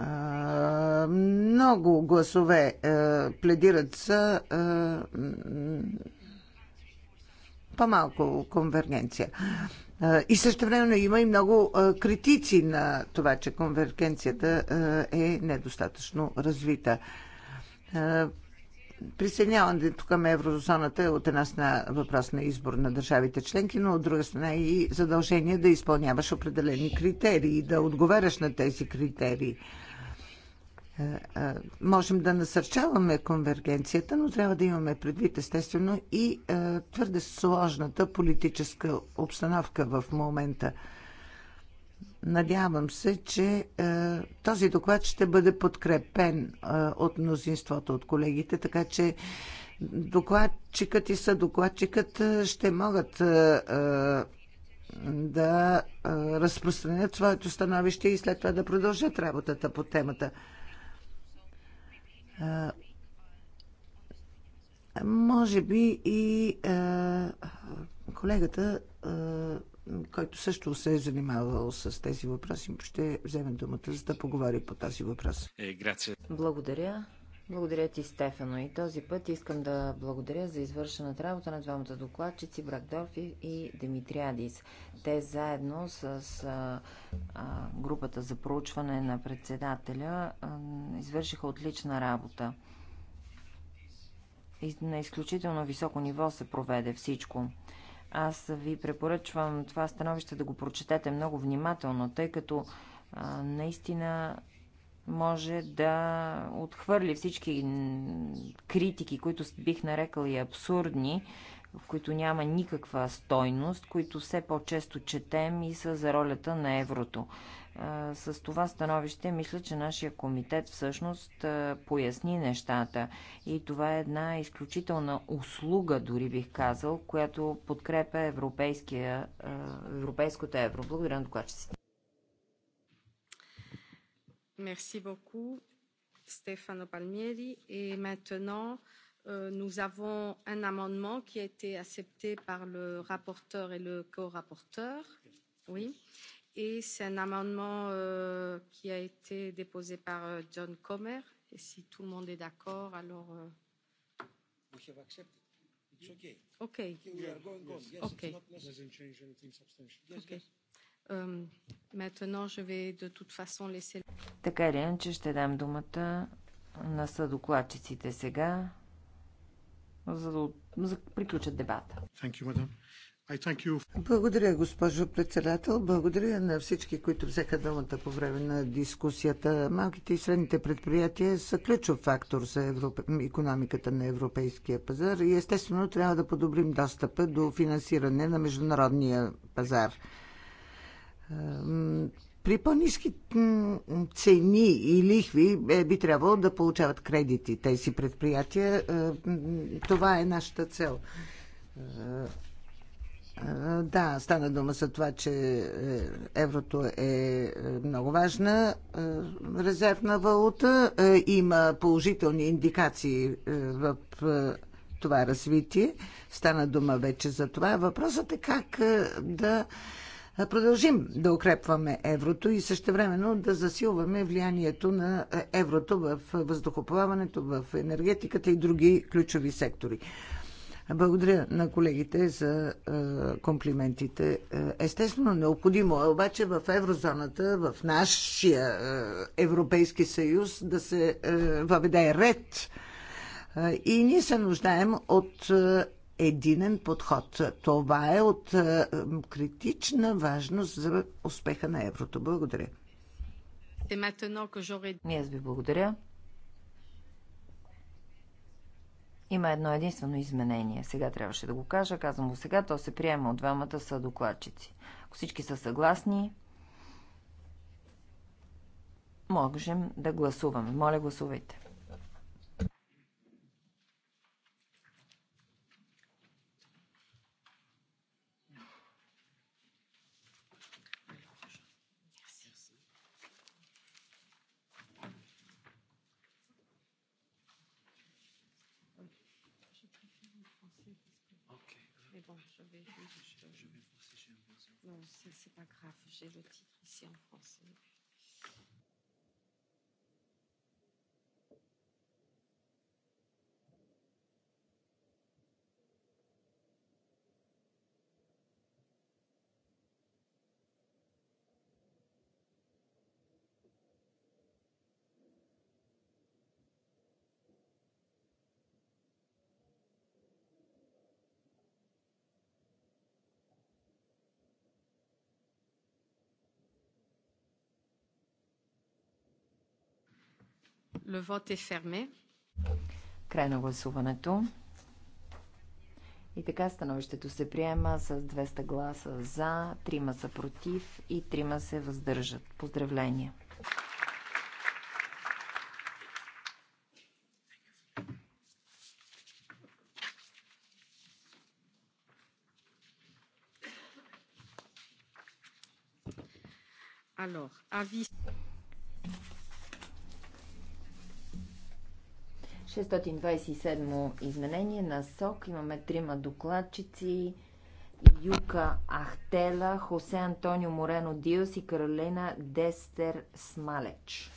е, много гласове пледират за по-малко конвергенция. И също времено има и много критици на това, че конвергенцията е недостатъчно развита. Присъединяването към еврозоната е от една страна въпрос на избор на държавите членки, но от друга страна и задължение да изпълняваш определени критерии, да отговаряш на тези критерии. Е, е, можем да насърчаваме конвергенцията, но трябва да имаме предвид естествено и е, твърде сложната политическа обстановка в момента. Надявам се, че е, този доклад ще бъде подкрепен е, от мнозинството, от колегите, така че докладчикът и съдокладчикът ще могат е, да е, разпространят своето становище и след това да продължат работата по темата. Може би и колегата, който също се е занимавал с тези въпроси, ще вземе думата, за да поговори по този въпрос. Е, Благодаря. Благодаря ти, Стефано. И този път искам да благодаря за извършената работа на двамата докладчици Брагдорф и Димитриадис. Те заедно с а, а, групата за проучване на председателя а, извършиха отлична работа. И на изключително високо ниво се проведе всичко. Аз ви препоръчвам това становище да го прочетете много внимателно, тъй като а, наистина може да отхвърли всички критики, които бих нарекал и абсурдни, в които няма никаква стойност, които все по-често четем и са за ролята на еврото. С това становище мисля, че нашия комитет всъщност поясни нещата. И това е една изключителна услуга, дори бих казал, която подкрепя европейското евро. Благодаря на докладчиците. Merci beaucoup, Stefano Palmieri. Et maintenant, nous avons un amendement qui a été accepté par le rapporteur et le co-rapporteur. Oui. Et c'est un amendement euh, qui a été déposé par euh, John Comer. Et si tout le monde est d'accord, alors. Euh... We have accepted. It's okay. Okay. okay. We are going on. Yes, okay. Doesn't change anything substantial. Yes, okay. Yes. Е така или иначе ще дам думата на съдокладчиците сега, за да, за да приключат дебата. Благодаря, госпожо председател. Благодаря на всички, които взеха думата по време на дискусията. Малките и средните предприятия са ключов фактор за Европ... економиката на европейския пазар и естествено трябва да подобрим достъпа до финансиране на международния пазар при по-низки цени и лихви е, би трябвало да получават кредити тези предприятия. Е, това е нашата цел. Е, да, стана дума за това, че еврото е много важна резервна валута. Има положителни индикации в това развитие. Стана дума вече за това. Въпросът е как да продължим да укрепваме еврото и същевременно да засилваме влиянието на еврото в въздухоплаването, в енергетиката и други ключови сектори. Благодаря на колегите за е, комплиментите. Е, естествено, необходимо е обаче в еврозоната, в нашия е, Европейски съюз да се е, въведе ред. Е, и ние се нуждаем от е, единен подход. Това е от е, критична важност за успеха на еврото. Благодаря. И аз ви благодаря. Има едно единствено изменение. Сега трябваше да го кажа. Казвам го сега. То се приема от двамата са докладчици. Ако всички са съгласни, можем да гласуваме. Моля, гласувайте. Non, c'est pas grave, j'ai le titre ici en français. Le vote est fermé. Край на гласуването. И така становището се приема с 200 гласа за, 3 са против и 3 се въздържат. Поздравления! Alors, avis... 627 изменение на СОК. Имаме трима докладчици. Юка Ахтела, Хосе Антонио Морено Диос и Каролина Дестер Смалеч.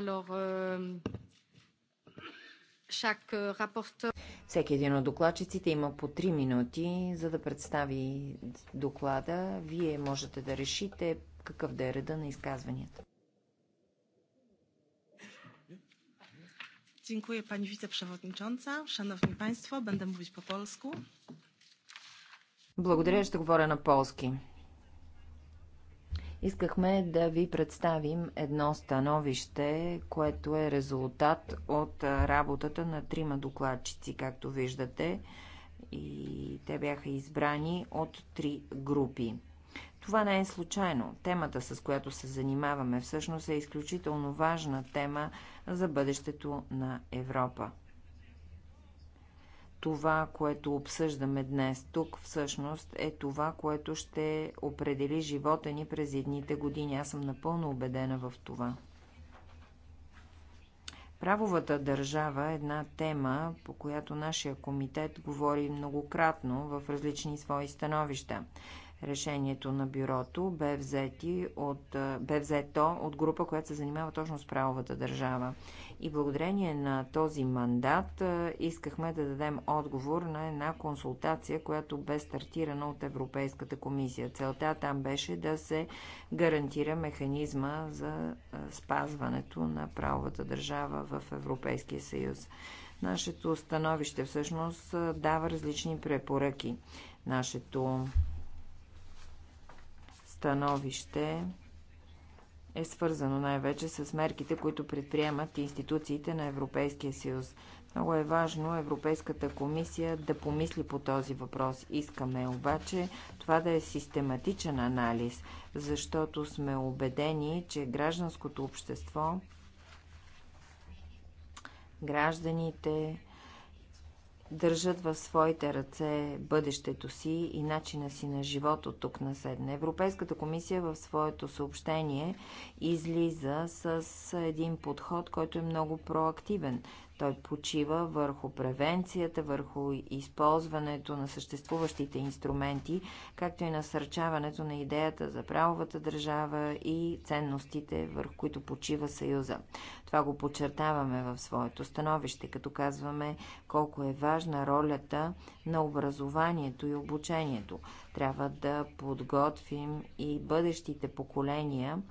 Alors, euh, chaque euh, rapporteur... Всеки един от докладчиците има по 3 минути, за да представи доклада. Вие можете да решите какъв да е реда на изказванията. Dziękuję Pani Wiceprzewodnicząca. Szanowni Państwo, będę mówić po polsku. Благодаря, ще говоря на полски. Искахме да ви представим едно становище, което е резултат от работата на трима докладчици, както виждате. И те бяха избрани от три групи. Това не е случайно. Темата, с която се занимаваме, всъщност е изключително важна тема за бъдещето на Европа това, което обсъждаме днес тук, всъщност е това, което ще определи живота ни през едните години. Аз съм напълно убедена в това. Правовата държава е една тема, по която нашия комитет говори многократно в различни свои становища. Решението на бюрото бе, взети от, бе взето от група, която се занимава точно с правовата държава. И благодарение на този мандат искахме да дадем отговор на една консултация, която бе стартирана от Европейската комисия. Целта там беше да се гарантира механизма за спазването на правовата държава в Европейския съюз. Нашето становище всъщност дава различни препоръки. Нашето становище е свързано най-вече с мерките, които предприемат институциите на Европейския съюз. Много е важно Европейската комисия да помисли по този въпрос. Искаме обаче това да е систематичен анализ, защото сме убедени, че гражданското общество, гражданите, държат в своите ръце бъдещето си и начина си на живот от тук на седне. Европейската комисия в своето съобщение излиза с един подход, който е много проактивен. Той почива върху превенцията, върху използването на съществуващите инструменти, както и насърчаването на идеята за правовата държава и ценностите, върху които почива Съюза. Това го подчертаваме в своето становище, като казваме колко е важна ролята на образованието и обучението. Трябва да подготвим и бъдещите поколения –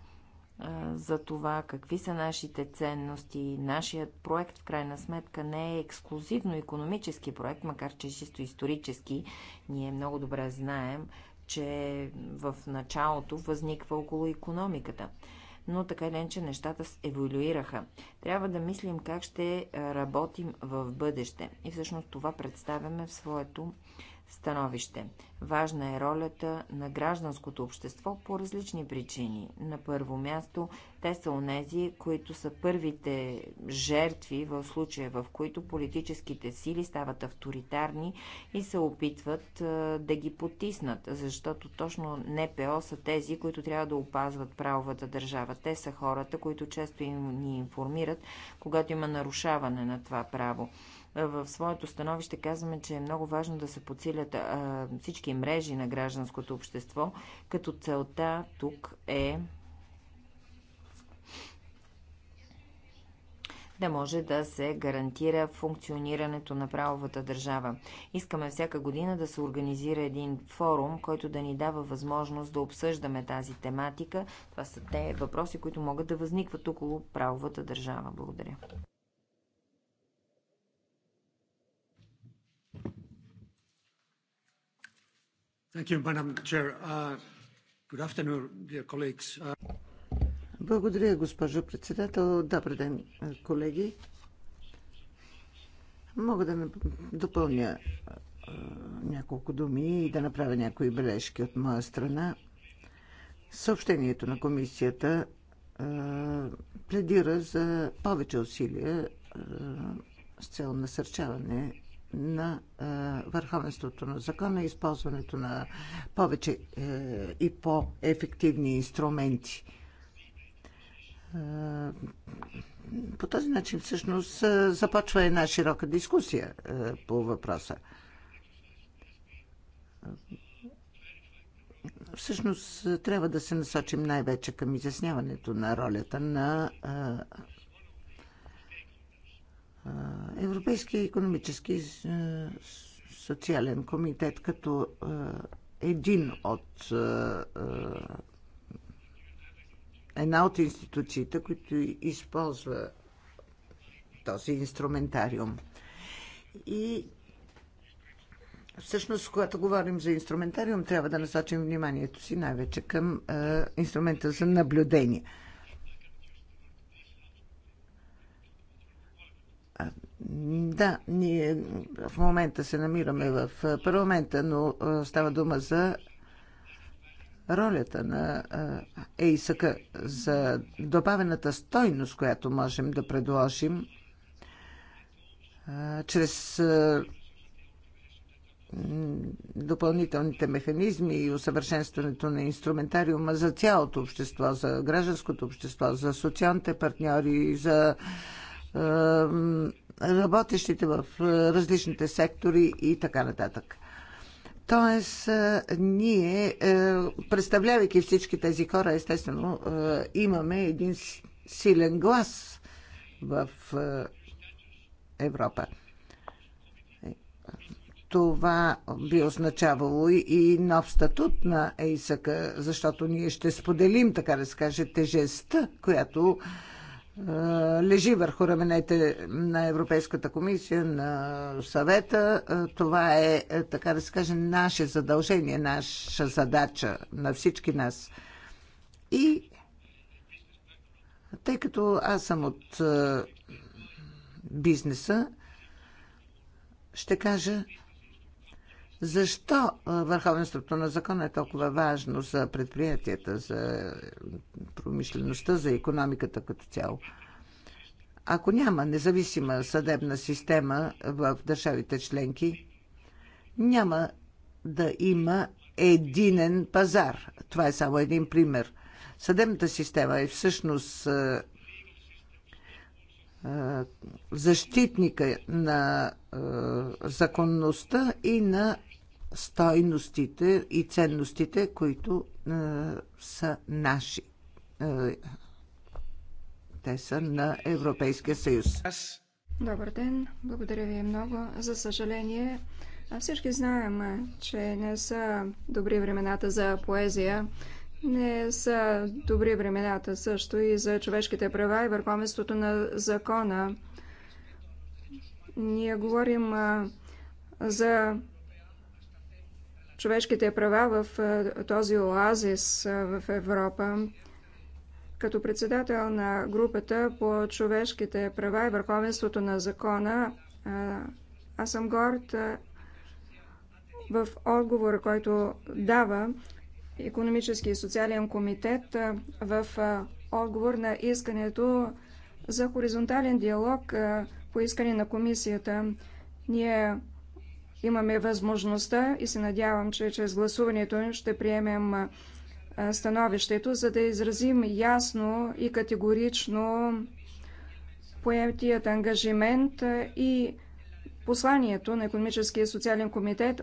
за това какви са нашите ценности. Нашият проект в крайна сметка не е ексклюзивно економически проект, макар че е чисто исторически. Ние много добре знаем, че в началото възниква около економиката. Но така или иначе нещата еволюираха. Трябва да мислим как ще работим в бъдеще. И всъщност това представяме в своето становище. Важна е ролята на гражданското общество по различни причини. На първо място, те са онези, които са първите жертви в случая, в които политическите сили стават авторитарни и се опитват да ги потиснат, защото точно НПО са тези, които трябва да опазват правовата държава. Те са хората, които често им, ни информират, когато има нарушаване на това право. В своето становище казваме, че е много важно да се подсилят а, всички мрежи на гражданското общество, като целта тук е да може да се гарантира функционирането на правовата държава. Искаме всяка година да се организира един форум, който да ни дава възможност да обсъждаме тази тематика. Това са те въпроси, които могат да възникват около правовата държава. Благодаря. Uh, uh, Благодаря, госпожо председател. Добър ден, колеги. Мога да допълня няколко думи и да направя някои бележки от моя страна. Съобщението на комисията пледира за повече усилия с цел насърчаване на върховенството на закона, използването на повече е, и по-ефективни инструменти. По този начин всъщност започва една широка дискусия по въпроса. Всъщност трябва да се насочим най-вече към изясняването на ролята на Европейския економически социален комитет като един от една от институциите, които използва този инструментариум. И всъщност, когато говорим за инструментариум, трябва да насочим вниманието си най-вече към е, инструмента за наблюдение – Да, ние в момента се намираме в парламента, но става дума за ролята на ЕИСК, за добавената стойност, която можем да предложим чрез допълнителните механизми и усъвършенстването на инструментариума за цялото общество, за гражданското общество, за социалните партньори, за работещите в е, различните сектори и така нататък. Тоест, е, ние, е, представлявайки всички тези хора, естествено, имаме един силен глас в Европа. Това би означавало и нов статут на ЕИСАКА, защото ние ще споделим, така да се каже, тежестта, която е, лежи върху раменете на Европейската комисия, на съвета. Е, това е, е, така да се каже, наше задължение, наша задача на всички нас. И тъй като аз съм от бизнеса, ще кажа, защо върховенството на закона е толкова важно за предприятията, за промишлеността, за економиката като цяло? Ако няма независима съдебна система в държавите членки, няма да има единен пазар. Това е само един пример. Съдебната система е всъщност защитника на законността и на стойностите и ценностите, които е, са наши. Е, те са на Европейския съюз. Добър ден, благодаря ви много. За съжаление, всички знаем, че не са добри времената за поезия. Не са добри времената също и за човешките права и върховенството на закона. Ние говорим за човешките права в този оазис в Европа. Като председател на групата по човешките права и върховенството на закона, аз съм горд в отговора, който дава Економически и социален комитет в отговор на искането за хоризонтален диалог по искане на комисията. Ние имаме възможността и се надявам, че чрез гласуването ще приемем становището, за да изразим ясно и категорично поемтият ангажимент и посланието на Економическия и социален комитет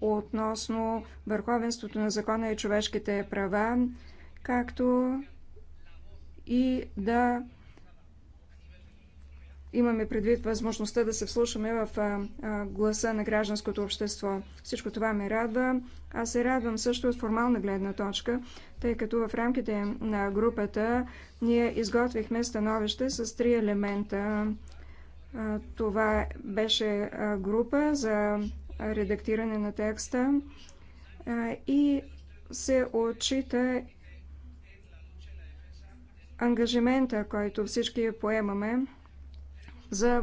относно върховенството на закона и човешките права, както и да имаме предвид възможността да се вслушаме в гласа на гражданското общество. Всичко това ме радва. Аз се радвам също от формална гледна точка, тъй като в рамките на групата ние изготвихме становище с три елемента. Това беше група за редактиране на текста и се отчита ангажимента, който всички поемаме за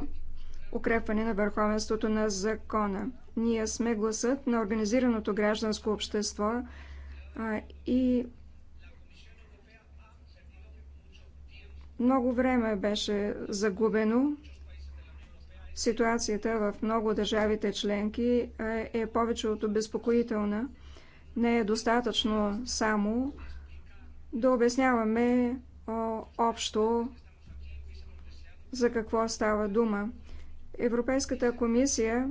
укрепване на върховенството на закона. Ние сме гласът на организираното гражданско общество и много време беше загубено. Ситуацията в много държавите членки е повече от обезпокоителна. Не е достатъчно само да обясняваме общо за какво става дума. Европейската комисия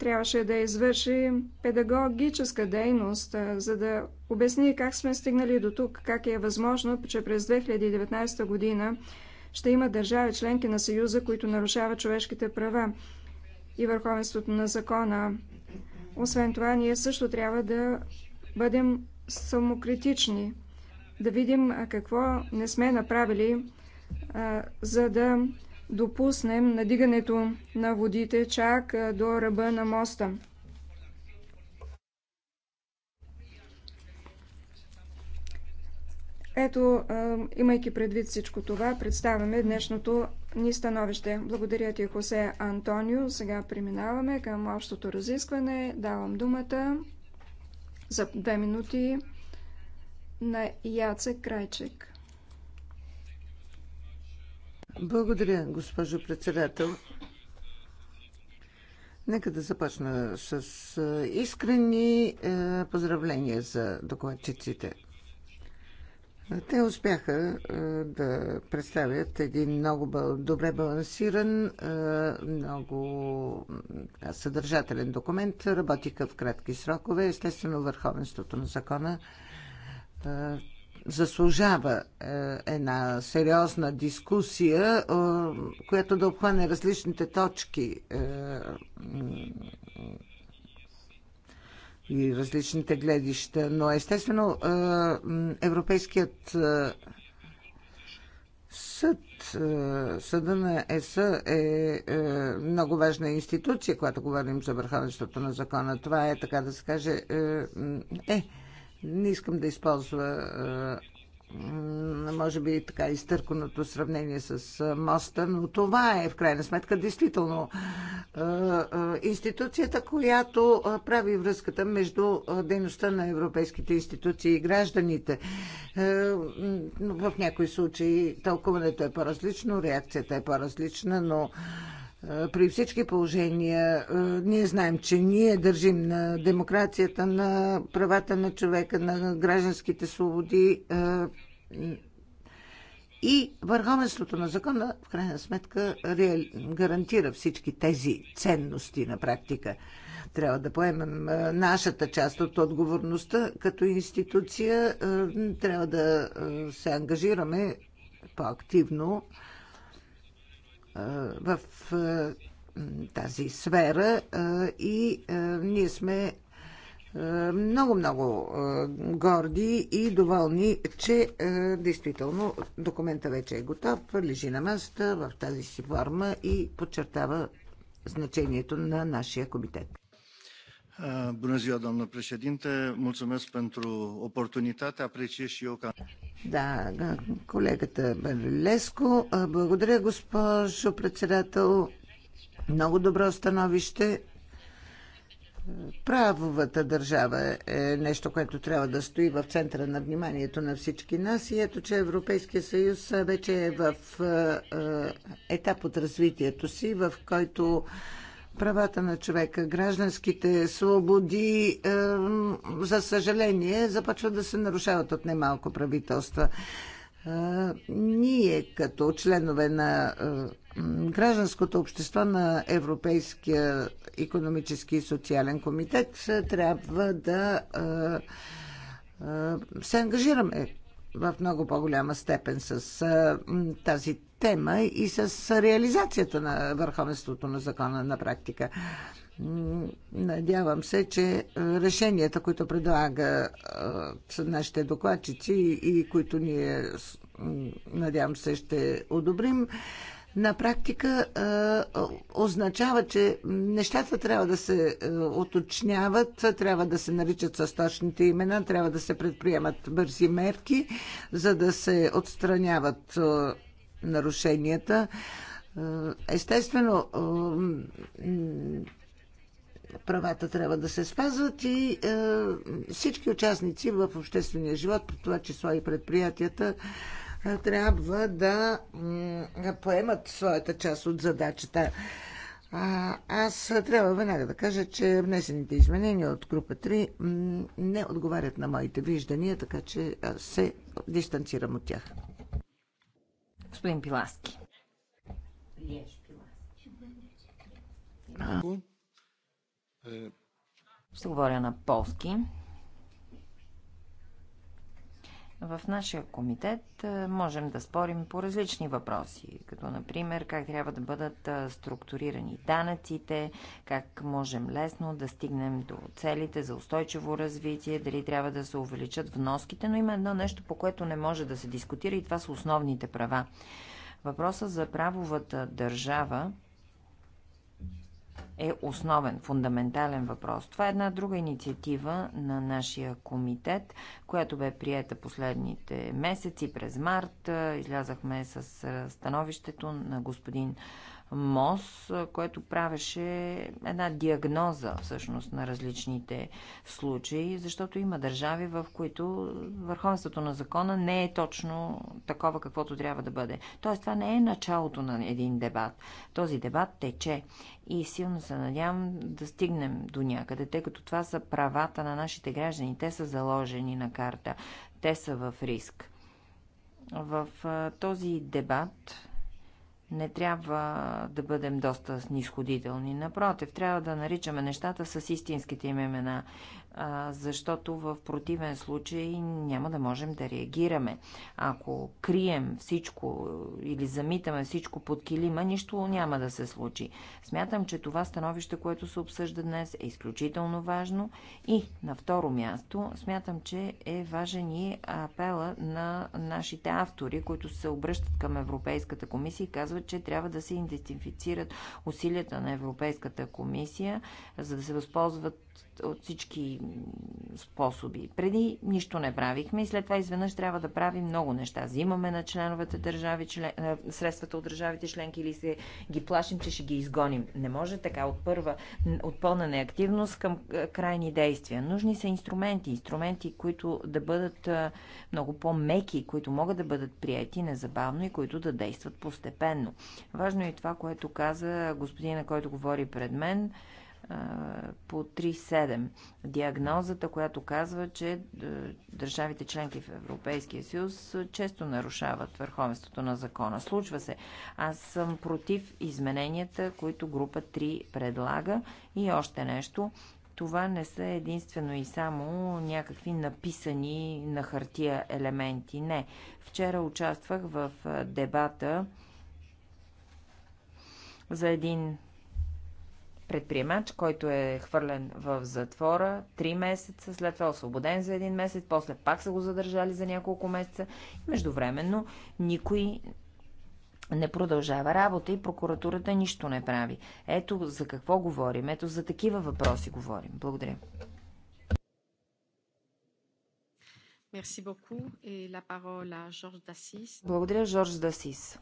трябваше да извърши педагогическа дейност, за да обясни как сме стигнали до тук, как е възможно, че през 2019 година ще има държави членки на Съюза, които нарушават човешките права и върховенството на закона. Освен това, ние също трябва да бъдем самокритични, да видим какво не сме направили за да допуснем надигането на водите чак до ръба на моста. Ето, имайки предвид всичко това, представяме днешното ни становище. Благодаря ти, Хосе Антонио. Сега преминаваме към общото разискване. Давам думата за две минути на Яце Крайчек. Благодаря, госпожо председател. Нека да започна с искрени поздравления за докладчиците. Те успяха да представят един много добре балансиран, много съдържателен документ. Работиха в кратки срокове. Естествено, върховенството на закона заслужава е, една сериозна дискусия, е, която да обхване различните точки е, и различните гледища. Но естествено Европейският съд, съда на ЕС е много важна институция, когато говорим за върховенството на закона. Това е, така да се каже, е не искам да използва може би така изтърканото сравнение с моста, но това е в крайна сметка действително институцията, която прави връзката между дейността на европейските институции и гражданите. В някои случаи тълкуването е по-различно, реакцията е по-различна, но е, при всички положения е, ние знаем, че ние държим на демокрацията, на правата на човека, на гражданските свободи е, и върховенството на закона в крайна сметка гарантира всички тези ценности на практика. Трябва да поемем нашата част от отговорността като институция. Трябва да се ангажираме по-активно в тази сфера и ние сме много-много горди и доволни, че действително документа вече е готов, лежи на масата в тази си форма и подчертава значението на нашия комитет. Uh, bună ziua, doamnă președinte. Mulțumesc pentru oportunitate. Apreciez și eu ca... Да, колегата Берлеско. Благодаря, госпожо председател. Много добро становище. Правовата държава е нещо, което трябва да стои в центъра на вниманието на всички нас и ето, че Европейския съюз вече е в uh, етап от развитието си, в който е, правата на човека, гражданските свободи, за съжаление, започват да се нарушават от немалко правителства. Е, ние, като членове на гражданското общество на Европейския економически и социален комитет, е, трябва да е, се ангажираме в много по-голяма степен с тази тема и с реализацията на върховенството на закона на практика. Надявам се, че решенията, които предлага нашите докладчици и които ние, надявам се, ще одобрим, на практика означава, че нещата трябва да се оточняват, трябва да се наричат с точните имена, трябва да се предприемат бързи мерки, за да се отстраняват нарушенията. Естествено, правата трябва да се спазват и всички участници в обществения живот, по това число и предприятията, трябва да поемат своята част от задачата. А, аз трябва веднага да кажа, че внесените изменения от група 3 не отговарят на моите виждания, така че се дистанцирам от тях. Господин Пиласки. Ще говоря на полски. В нашия комитет е, можем да спорим по различни въпроси, като например как трябва да бъдат е, структурирани данъците, как можем лесно да стигнем до целите за устойчиво развитие, дали трябва да се увеличат вноските, но има едно нещо, по което не може да се дискутира и това са основните права. Въпросът за правовата държава е основен, фундаментален въпрос. Това е една друга инициатива на нашия комитет, която бе приета последните месеци, през март. Излязахме с становището на господин МОС, което правеше една диагноза всъщност на различните случаи, защото има държави, в които върховенството на закона не е точно такова, каквото трябва да бъде. Тоест, това не е началото на един дебат. Този дебат тече и силно се надявам да стигнем до някъде, тъй като това са правата на нашите граждани. Те са заложени на карта. Те са в риск. В този дебат не трябва да бъдем доста снисходителни. Напротив, трябва да наричаме нещата с истинските им имена защото в противен случай няма да можем да реагираме. Ако крием всичко или замитаме всичко под килима, нищо няма да се случи. Смятам, че това становище, което се обсъжда днес, е изключително важно. И на второ място, смятам, че е важен и апела на нашите автори, които се обръщат към Европейската комисия и казват, че трябва да се идентифицират усилията на Европейската комисия, за да се възползват от всички способи. Преди нищо не правихме и след това изведнъж трябва да правим много неща. Взимаме на членовете държави, член, средствата от държавите членки или се ги плашим, че ще ги изгоним. Не може така от първа, от пълна неактивност към е, крайни действия. Нужни са инструменти, инструменти, които да бъдат е, много по-меки, които могат да бъдат прияти незабавно и които да действат постепенно. Важно е и това, което каза господина, който говори пред мен, по 3.7. Диагнозата, която казва, че е, държавите членки в Европейския съюз е, често нарушават върховенството на закона. Случва се. Аз съм против измененията, които група 3 предлага. И още нещо. Това не са единствено и само някакви написани на хартия елементи. Не. Вчера участвах в е, дебата за един предприемач, който е хвърлен в затвора 3 месеца, след това освободен за един месец, после пак са го задържали за няколко месеца и междувременно никой не продължава работа и прокуратурата нищо не прави. Ето за какво говорим, ето за такива въпроси говорим. Благодаря. Благодаря, Жорж Дасис.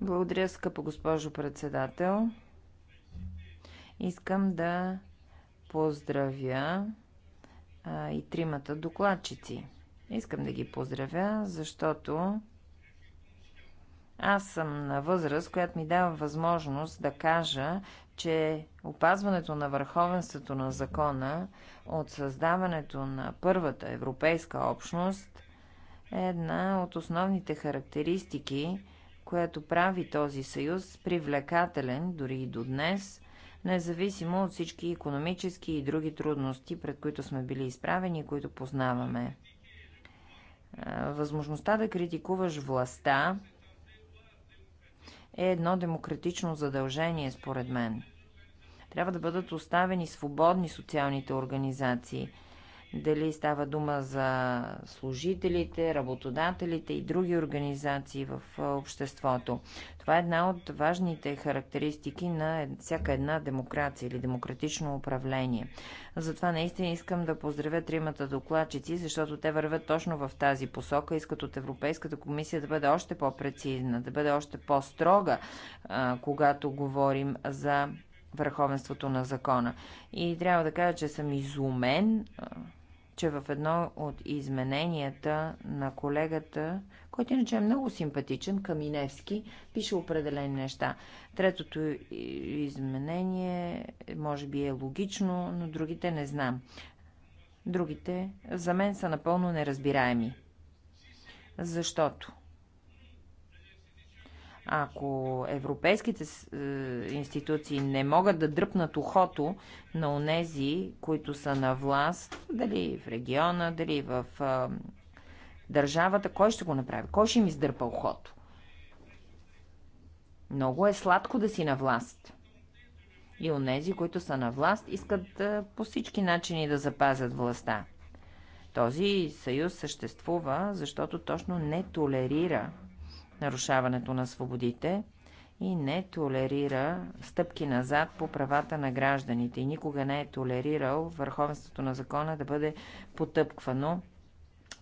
Благодаря, скъпа госпожо председател. Искам да поздравя а, и тримата докладчици. Искам да ги поздравя, защото аз съм на възраст, която ми дава възможност да кажа, че опазването на върховенството на закона от създаването на първата европейска общност – една от основните характеристики, която прави този съюз привлекателен дори и до днес, независимо от всички економически и други трудности, пред които сме били изправени и които познаваме. Възможността да критикуваш властта е едно демократично задължение, според мен. Трябва да бъдат оставени свободни социалните организации – дали става дума за служителите, работодателите и други организации в обществото. Това е една от важните характеристики на всяка една демокрация или демократично управление. Затова наистина искам да поздравя тримата докладчици, защото те вървят точно в тази посока. Искат от Европейската комисия да бъде още по-прецизна, да бъде още по-строга, когато говорим за върховенството на закона. И трябва да кажа, че съм изумен че в едно от измененията на колегата, който иначе е много симпатичен, Каминевски, пише определени неща. Третото изменение може би е логично, но другите не знам. Другите за мен са напълно неразбираеми. Защото ако европейските е, институции не могат да дръпнат ухото на онези, които са на власт, дали в региона, дали в е, държавата, кой ще го направи? Кой ще им издърпа ухото? Много е сладко да си на власт. И онези, които са на власт, искат е, по всички начини да запазят властта. Този съюз съществува, защото точно не толерира нарушаването на свободите и не толерира стъпки назад по правата на гражданите и никога не е толерирал върховенството на закона да бъде потъпквано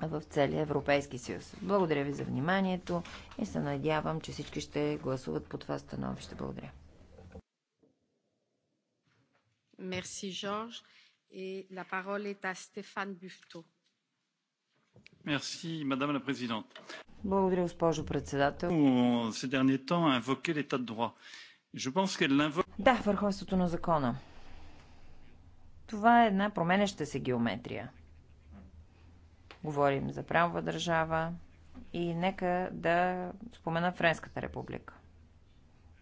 в целия Европейски съюз. Благодаря ви за вниманието и се надявам, че всички ще гласуват по това становище. Благодаря. Мерси, Жорж. И la parole est à Стефан Buffetot. Мерси, мадам la президент. Благодаря, госпожо председател. Да, върховството на закона. Това е една променеща се геометрия. Говорим за правова държава и нека да спомена Френската република.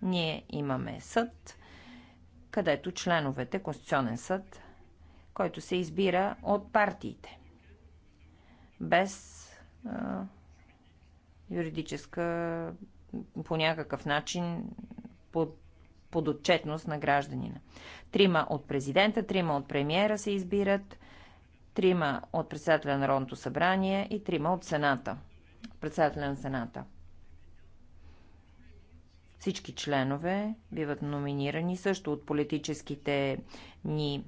Ние имаме съд, където членовете, Конституционен съд, който се избира от партиите, без а, юридическа по някакъв начин под, подотчетност на гражданина. Трима от президента, трима от премиера се избират, трима от председателя на Народното събрание и трима от Сената. Председателя на Сената. Всички членове биват номинирани също от политическите ни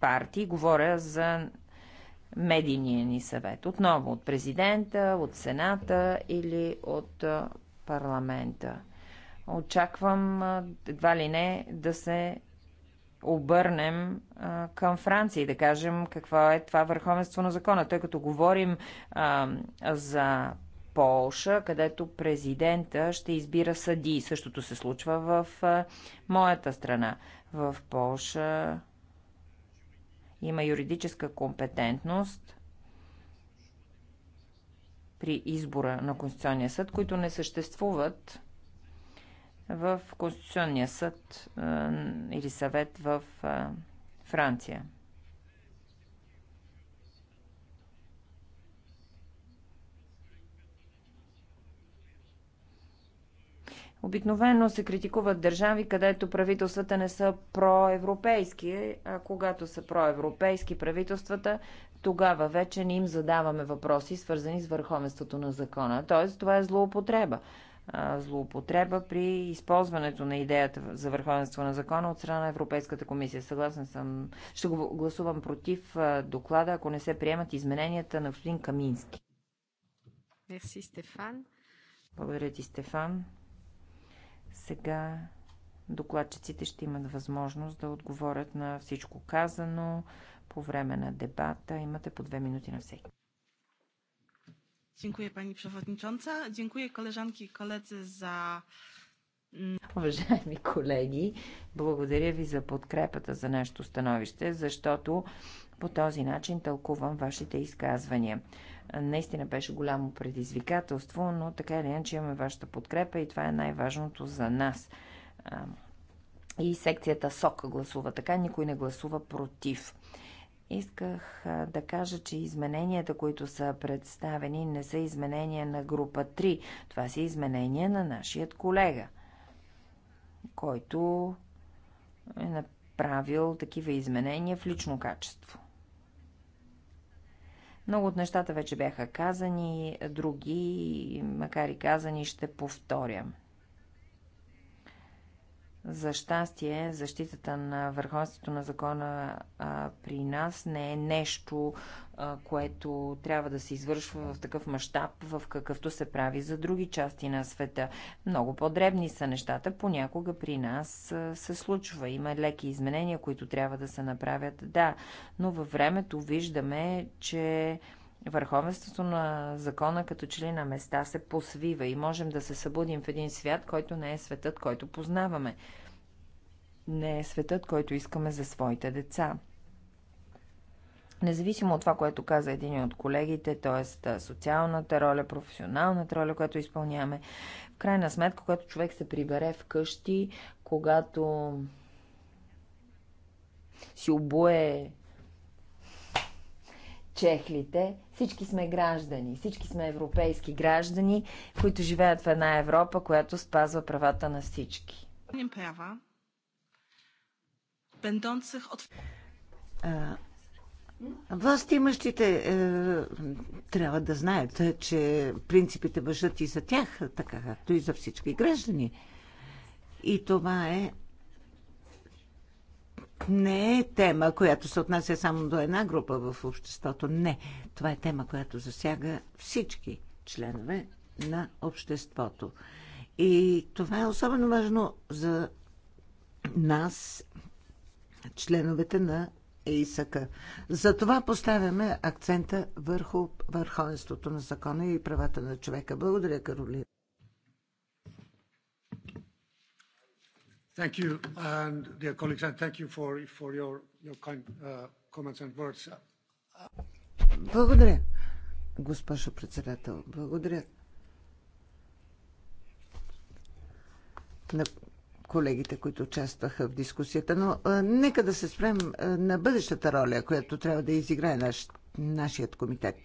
партии. Говоря за медийния ни съвет. Отново от президента, от Сената или от парламента. Очаквам едва ли не да се обърнем а, към Франция и да кажем какво е това върховенство на закона. Тъй като говорим а, за Полша, където президента ще избира съди. Същото се случва в а, моята страна. В Полша има юридическа компетентност при избора на Конституционния съд, които не съществуват в Конституционния съд или съвет в Франция. Обикновено се критикуват държави, където правителствата не са проевропейски, а когато са проевропейски правителствата, тогава вече не им задаваме въпроси, свързани с върховенството на закона. Тоест, това е злоупотреба. Злоупотреба при използването на идеята за върховенство на закона от страна на Европейската комисия. Съгласен съм. Ще го гласувам против доклада, ако не се приемат измененията на господин Камински. Мерси, Стефан. Благодаря ти, Стефан. Сега докладчиците ще имат възможност да отговорят на всичко казано по време на дебата. Имате по две минути на всеки. Дякую, пани Przewodnicząca. Дякую, колежанки и колеги, за. Уважаеми колеги, благодаря ви за подкрепата за нашето становище, защото по този начин тълкувам вашите изказвания наистина беше голямо предизвикателство, но така или иначе имаме вашата подкрепа и това е най-важното за нас. И секцията СОК гласува така, никой не гласува против. Исках да кажа, че измененията, които са представени, не са изменения на група 3. Това са изменения на нашият колега, който е направил такива изменения в лично качество. Много от нещата вече бяха казани, други, макар и казани, ще повторя. За щастие, защитата на върховенството на закона а, при нас не е нещо което трябва да се извършва в такъв мащаб, в какъвто се прави за други части на света. Много по-дребни са нещата, понякога при нас се случва. Има леки изменения, които трябва да се направят, да, но във времето виждаме, че върховенството на закона като че ли на места се посвива и можем да се събудим в един свят, който не е светът, който познаваме. Не е светът, който искаме за своите деца. Независимо от това, което каза един от колегите, т.е. социалната роля, професионалната роля, която изпълняваме, в крайна сметка, когато човек се прибере вкъщи, когато си обуе чехлите, всички сме граждани, всички сме европейски граждани, които живеят в една Европа, която спазва правата на всички. А, имащите е, трябва да знаят, че принципите въжат и за тях, така както и за всички граждани. И това е не е тема, която се отнася само до една група в обществото. Не. Това е тема, която засяга всички членове на обществото. И това е особено важно за нас, членовете на е ИСАКА. Затова поставяме акцента върху върховенството на закона и правата на човека. Благодаря, Каролина. Thank you, and dear colleagues, and thank you for, for your, your kind uh, comments and words. Благодаря, госпожо председател. Благодаря колегите, които участваха в дискусията, но а, нека да се спрем а, на бъдещата роля, която трябва да изиграе наш, нашият комитет.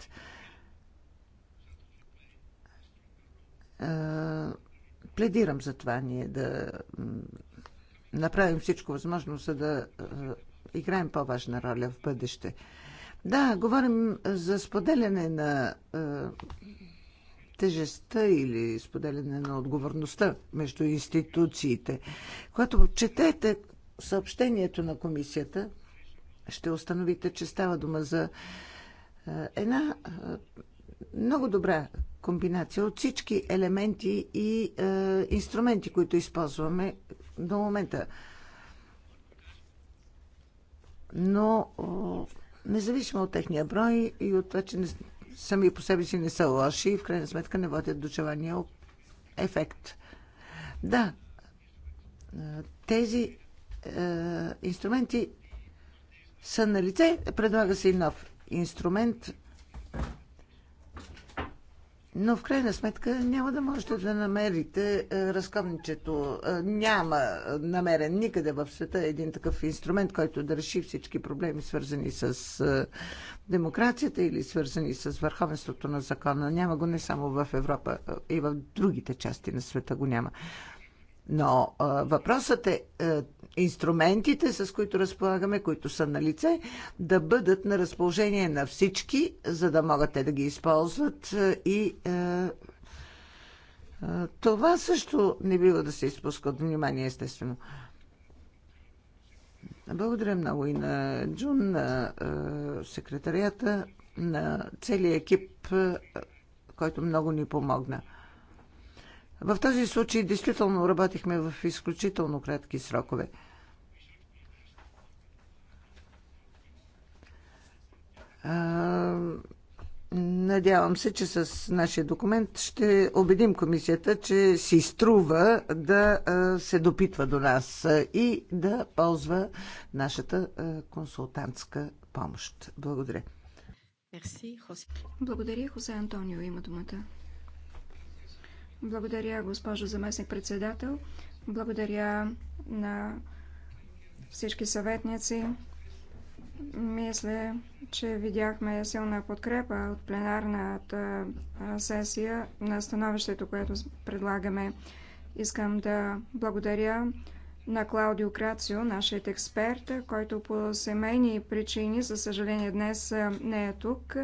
А, пледирам за това ние да направим всичко възможно, за да а, играем по-важна роля в бъдеще. Да, говорим за споделяне на а, тежестта или споделяне на отговорността между институциите. Когато четете съобщението на комисията, ще установите, че става дума за една много добра комбинация от всички елементи и инструменти, които използваме до момента. Но, независимо от техния брой и от това, че не сами по себе си не са лоши и в крайна сметка не водят до желания ефект. Да, тези е, инструменти са на лице. Предлага се и нов инструмент но в крайна сметка няма да можете да намерите е, разковничето. Е, няма намерен никъде в света един такъв инструмент, който да реши всички проблеми, свързани с е, демокрацията или свързани с върховенството на закона. Няма го не само в Европа, и в другите части на света го няма. Но въпросът е инструментите, с които разполагаме, които са на лице, да бъдат на разположение на всички, за да могат те да ги използват е, и е, е, това също не бива да се изпуска от внимание, естествено. Благодаря много и на Джун, на секретарията, на целия екип, който много ни помогна. В този случай действително работихме в изключително кратки срокове. Надявам се, че с нашия документ ще убедим комисията, че си струва да се допитва до нас и да ползва нашата консултантска помощ. Благодаря. Благодаря, Хосе Антонио. Има думата. Благодаря, госпожо заместник-председател. Благодаря на всички съветници, мисля, че видяхме силна подкрепа от пленарната сесия на становището, което предлагаме. Искам да благодаря на Клаудио Крацио, нашият експерт, който по семейни причини, за съжаление, днес не е тук.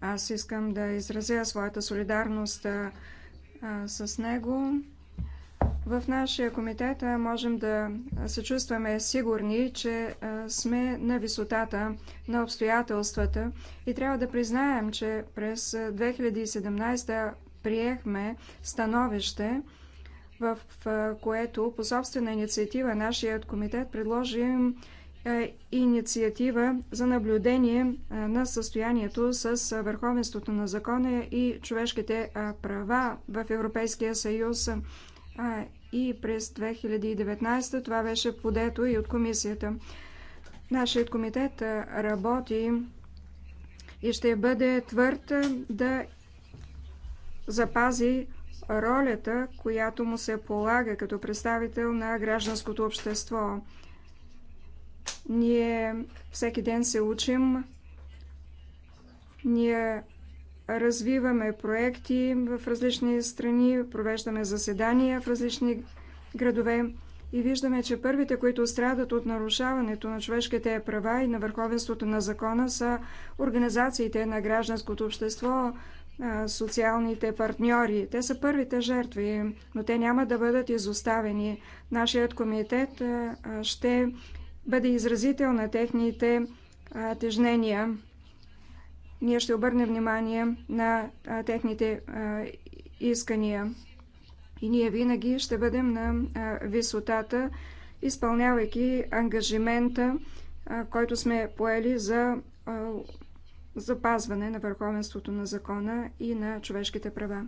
Аз искам да изразя своята солидарност с него. В нашия комитет можем да се чувстваме сигурни, че сме на висотата на обстоятелствата и трябва да признаем, че през 2017 приехме становище, в което по собствена инициатива нашият комитет предложи инициатива за наблюдение на състоянието с върховенството на закона и човешките права в Европейския съюз и през 2019 това беше подето и от комисията. Нашият комитет работи и ще бъде твърд да запази ролята, която му се полага като представител на гражданското общество. Ние всеки ден се учим, ние развиваме проекти в различни страни, провеждаме заседания в различни градове и виждаме, че първите, които страдат от нарушаването на човешките права и на върховенството на закона са организациите на гражданското общество, социалните партньори. Те са първите жертви, но те няма да бъдат изоставени. Нашият комитет ще бъде изразител на техните тежнения. Ние ще обърнем внимание на техните искания. И ние винаги ще бъдем на висотата, изпълнявайки ангажимента, който сме поели за запазване на върховенството на закона и на човешките права.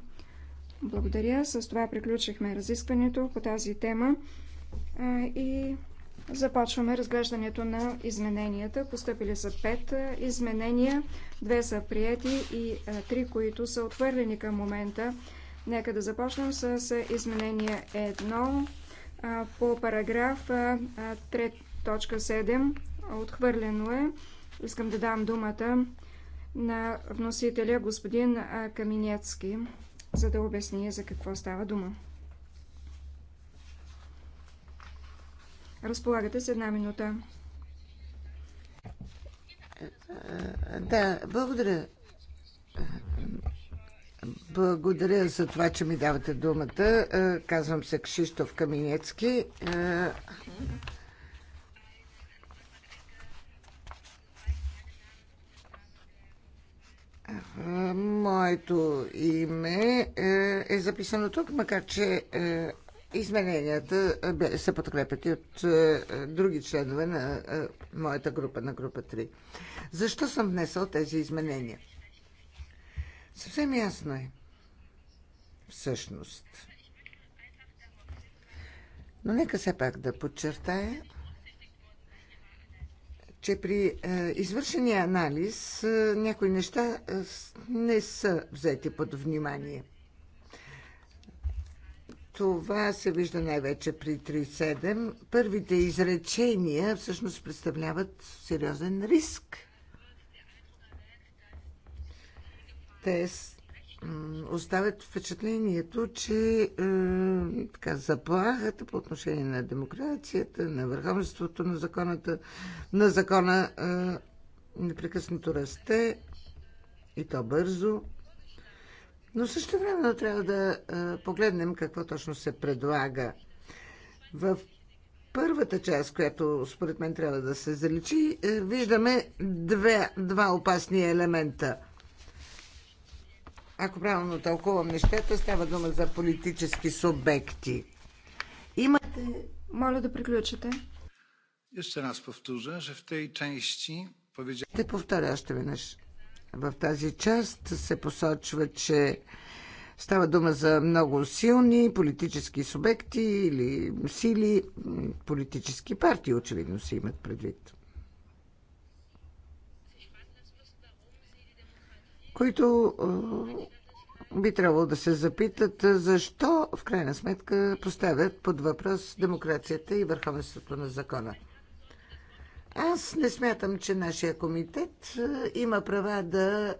Благодаря. С това приключихме разискването по тази тема и Започваме разглеждането на измененията. Постъпили са пет изменения, две са прияти и е, три, които са отвърлени към момента. Нека да започнем с е, изменение 1 е, по параграф 3.7. Отхвърлено е. Искам да дам думата на вносителя господин Каминецки, за да обясни за какво става дума. Разполагате с една минута. Да, благодаря. Благодаря за това, че ми давате думата. Казвам се Кшиштов Каминецки. Моето име е записано тук, макар че е, Измененията се подкрепят и от други членове на моята група, на група 3. Защо съм внесъл тези изменения? Съвсем ясно е. Всъщност. Но нека все пак да подчертая, че при извършения анализ някои неща не са взети под внимание – това се вижда най-вече при 3.7. Първите изречения всъщност представляват сериозен риск. Те оставят впечатлението, че е, така, заплахата по отношение на демокрацията, на върховенството на, законата, на закона е, непрекъснато расте и то бързо. Но също време трябва да погледнем какво точно се предлага. В първата част, която според мен трябва да се заличи, е, виждаме две, два опасни елемента. Ако правилно тълкувам нещата, става дума за политически субекти. Имате... Моля да приключите. Ще раз повторя, че в тези части... Те повторя още веднъж. В тази част се посочва, че става дума за много силни политически субекти или сили, политически партии, очевидно се имат предвид. Които би трябвало да се запитат защо в крайна сметка поставят под въпрос демокрацията и върховенството на закона. Аз не смятам, че нашия комитет е, има права да е,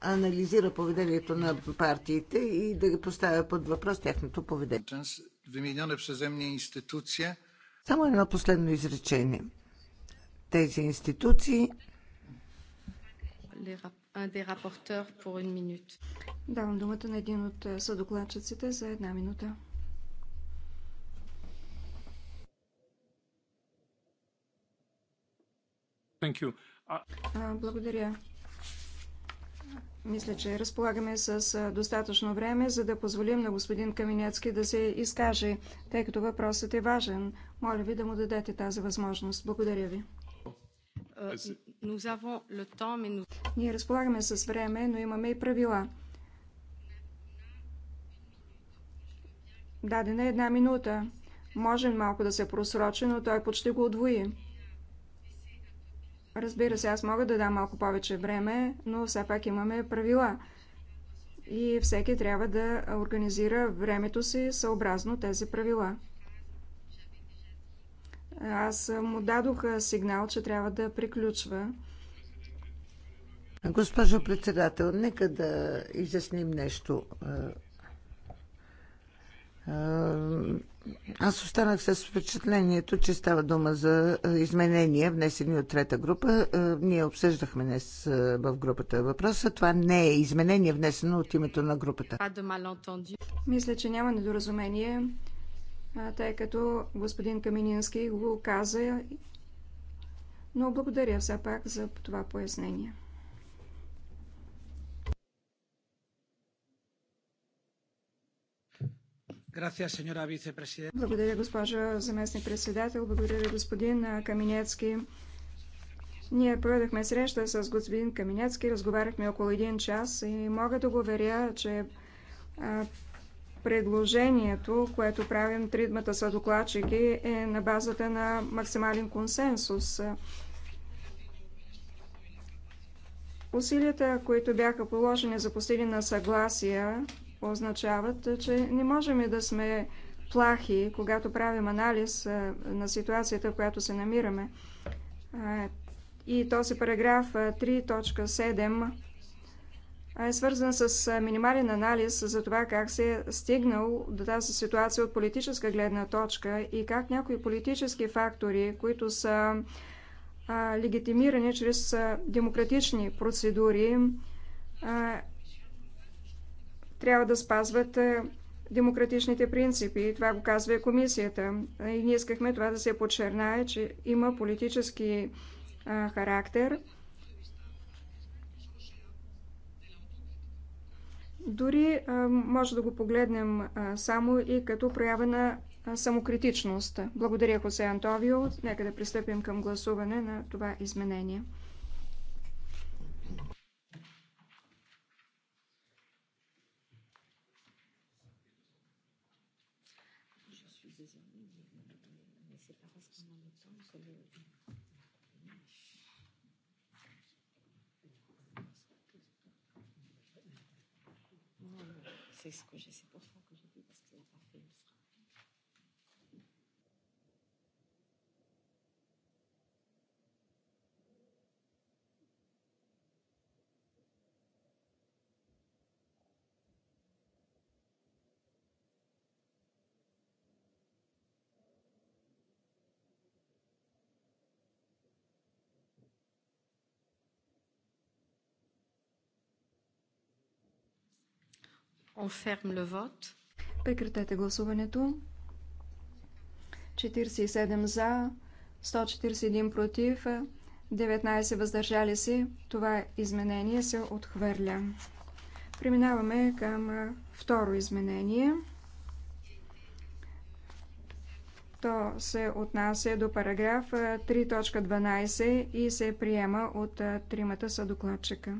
анализира поведението на партиите и да ги поставя под въпрос тяхното поведение. Само едно последно изречение. Тези институции. Давам думата на един от е, съдокладчиците за една минута. Thank you. благодаря. Мисля, че разполагаме с достатъчно време, за да позволим на господин Каменецки да се изкаже, тъй като въпросът е важен. Моля ви да му дадете тази възможност. Благодаря ви. Ние разполагаме с време, но имаме и правила. Дадена е една минута. Можем малко да се просрочи, но той почти го отвои. Разбира се, аз мога да дам малко повече време, но все пак имаме правила. И всеки трябва да организира времето си съобразно тези правила. Аз му дадох сигнал, че трябва да приключва. Госпожо председател, нека да изясним нещо аз останах с впечатлението, че става дума за е, изменения, внесени от трета група. Е, ние обсъждахме днес е, в групата въпроса. Това не е изменение, внесено от името на групата. Мисля, че няма недоразумение, тъй като господин Каминински го каза. Но благодаря все пак за това пояснение. Благодаря, госпожа заместник-председател. Благодаря, господин Каменецки. Ние проведахме среща с господин Каменецки, разговаряхме около един час и мога да го веря, че предложението, което правим тридмата са докладчики, е на базата на максимален консенсус. Усилията, които бяха положени за постигане на съгласия, означават, е, че не можем да сме плахи, когато правим анализ е, на ситуацията, в която се намираме. Е, и този параграф 3.7 е свързан с минимален анализ за това как се е стигнал до тази ситуация от политическа гледна точка и как някои политически фактори, които са легитимирани чрез демократични процедури, трябва да спазват е, демократичните принципи. това го казва и комисията. И ние искахме това да се подчернае, че има политически характер. Дори може да го погледнем само и като проява на самокритичност. Благодаря, Хосе Антовио. Нека да пристъпим към гласуване на това изменение. c'est ce que j'essaie. On ferme le vote. Прекратете гласуването. 47 за, 141 против, 19 въздържали се. Това изменение се отхвърля. Преминаваме към второ изменение. То се отнася до параграф 3.12 и се приема от тримата съдокладчика.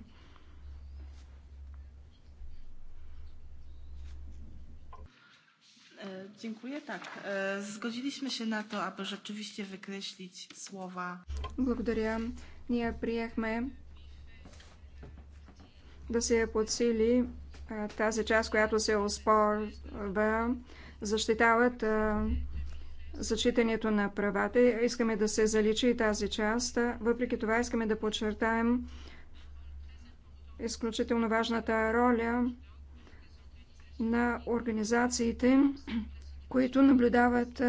Dziękuję. Tak, e, zgodziliśmy się na to, aby rzeczywiście wykreślić słowa. Благодаря. Ние приехме да се подсили е, тази част, която се оспорва, защитават е, зачитането на правата. Искаме да се заличи тази част. Въпреки това искаме да подчертаем изключително важната роля на организациите, които наблюдават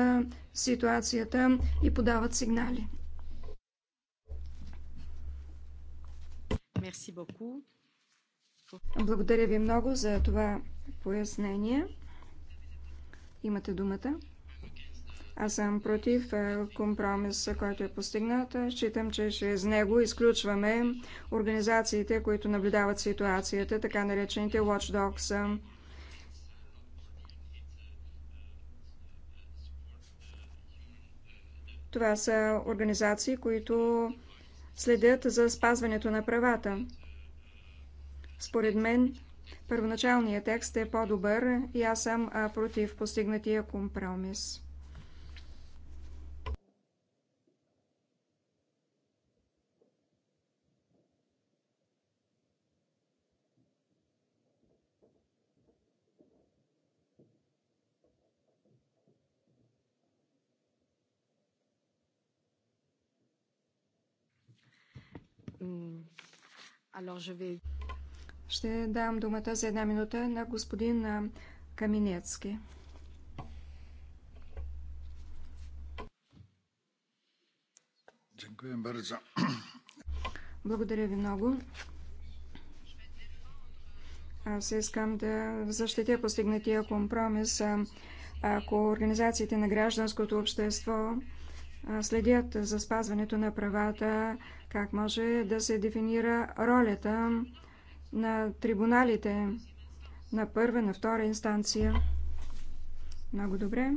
ситуацията и подават сигнали. Благодаря ви много за това пояснение. Имате думата. Аз съм против компромиса, който е постигнат. Считам, че чрез него изключваме организациите, които наблюдават ситуацията, така наречените watchdogs. Това са организации, които следят за спазването на правата. Според мен, първоначалният текст е по-добър и аз съм против постигнатия компромис. Ще дам думата за една минута на господин Каминецки. Благодаря ви много. Аз искам да защитя постигнатия компромис. Ако организациите на гражданското общество следят за спазването на правата, как може да се дефинира ролята на трибуналите на първа, на втора инстанция. Много добре.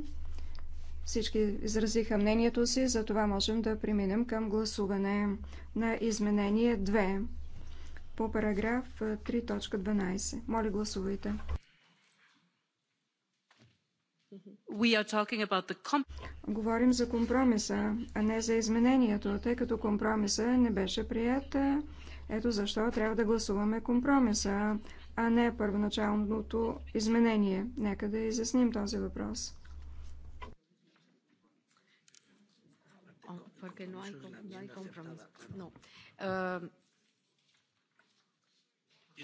Всички изразиха мнението си, за това можем да преминем към гласуване на изменение 2 по параграф 3.12. Моля гласувайте. Говорим за компромиса, а не за изменението, тъй като компромиса не беше прият. Ето защо трябва да гласуваме компромиса, а не първоначалното изменение. Нека да изясним този въпрос.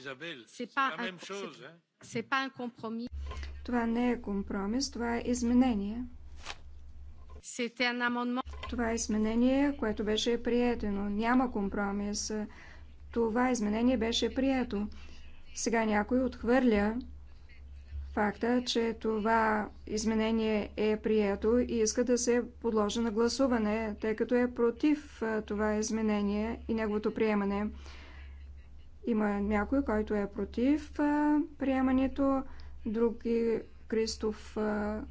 Isabelle, э, c'est c'est pas un compromis. Това не е компромис, това е изменение. Това е изменение, което беше приятено. Няма компромис. Това изменение беше прието. Сега някой отхвърля факта, че това изменение е прието и иска да се подложи на гласуване, тъй като е против това изменение и неговото приемане. Има някой, който е против приемането други е Кристоф а,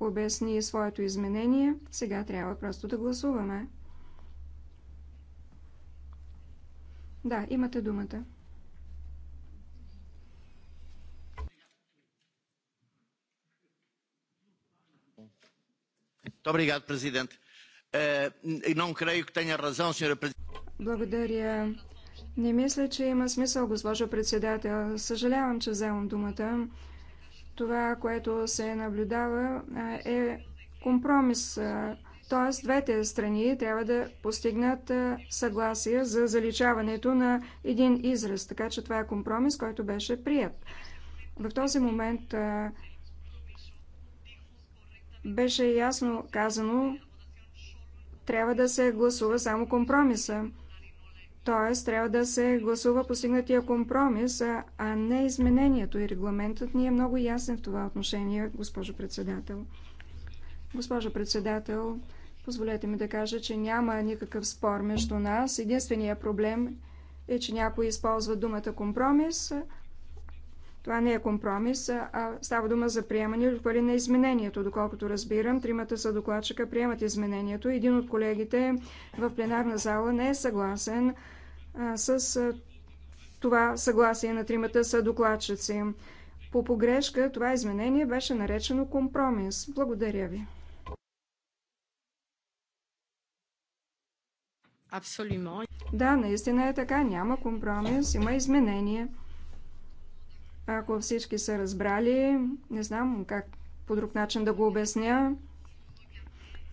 обясни своето изменение. Сега трябва просто да гласуваме. Да, имате думата. Eh, e Благодаря. Не мисля, че има смисъл, госпожо председател. Съжалявам, че вземам думата. Това, което се наблюдава, е компромис. Т.е. двете страни трябва да постигнат съгласие за заличаването на един израз. Така че това е компромис, който беше прият. В този момент беше ясно казано, трябва да се гласува само компромиса. Т.е. трябва да се гласува постигнатия компромис, а не изменението. И регламентът ни е много ясен в това отношение, госпожо председател. Госпожо председател, позволете ми да кажа, че няма никакъв спор между нас. Единственият проблем е, че някой използва думата компромис. Това не е компромис, а става дума за приемане или пари на изменението. Доколкото разбирам, тримата са докладчика приемат изменението. Един от колегите в пленарна зала не е съгласен с това съгласие на тримата са докладчици. По погрешка това изменение беше наречено компромис. Благодаря ви. Абсолютно. Да, наистина е така. Няма компромис, има изменение. Ако всички са разбрали, не знам как по друг начин да го обясня.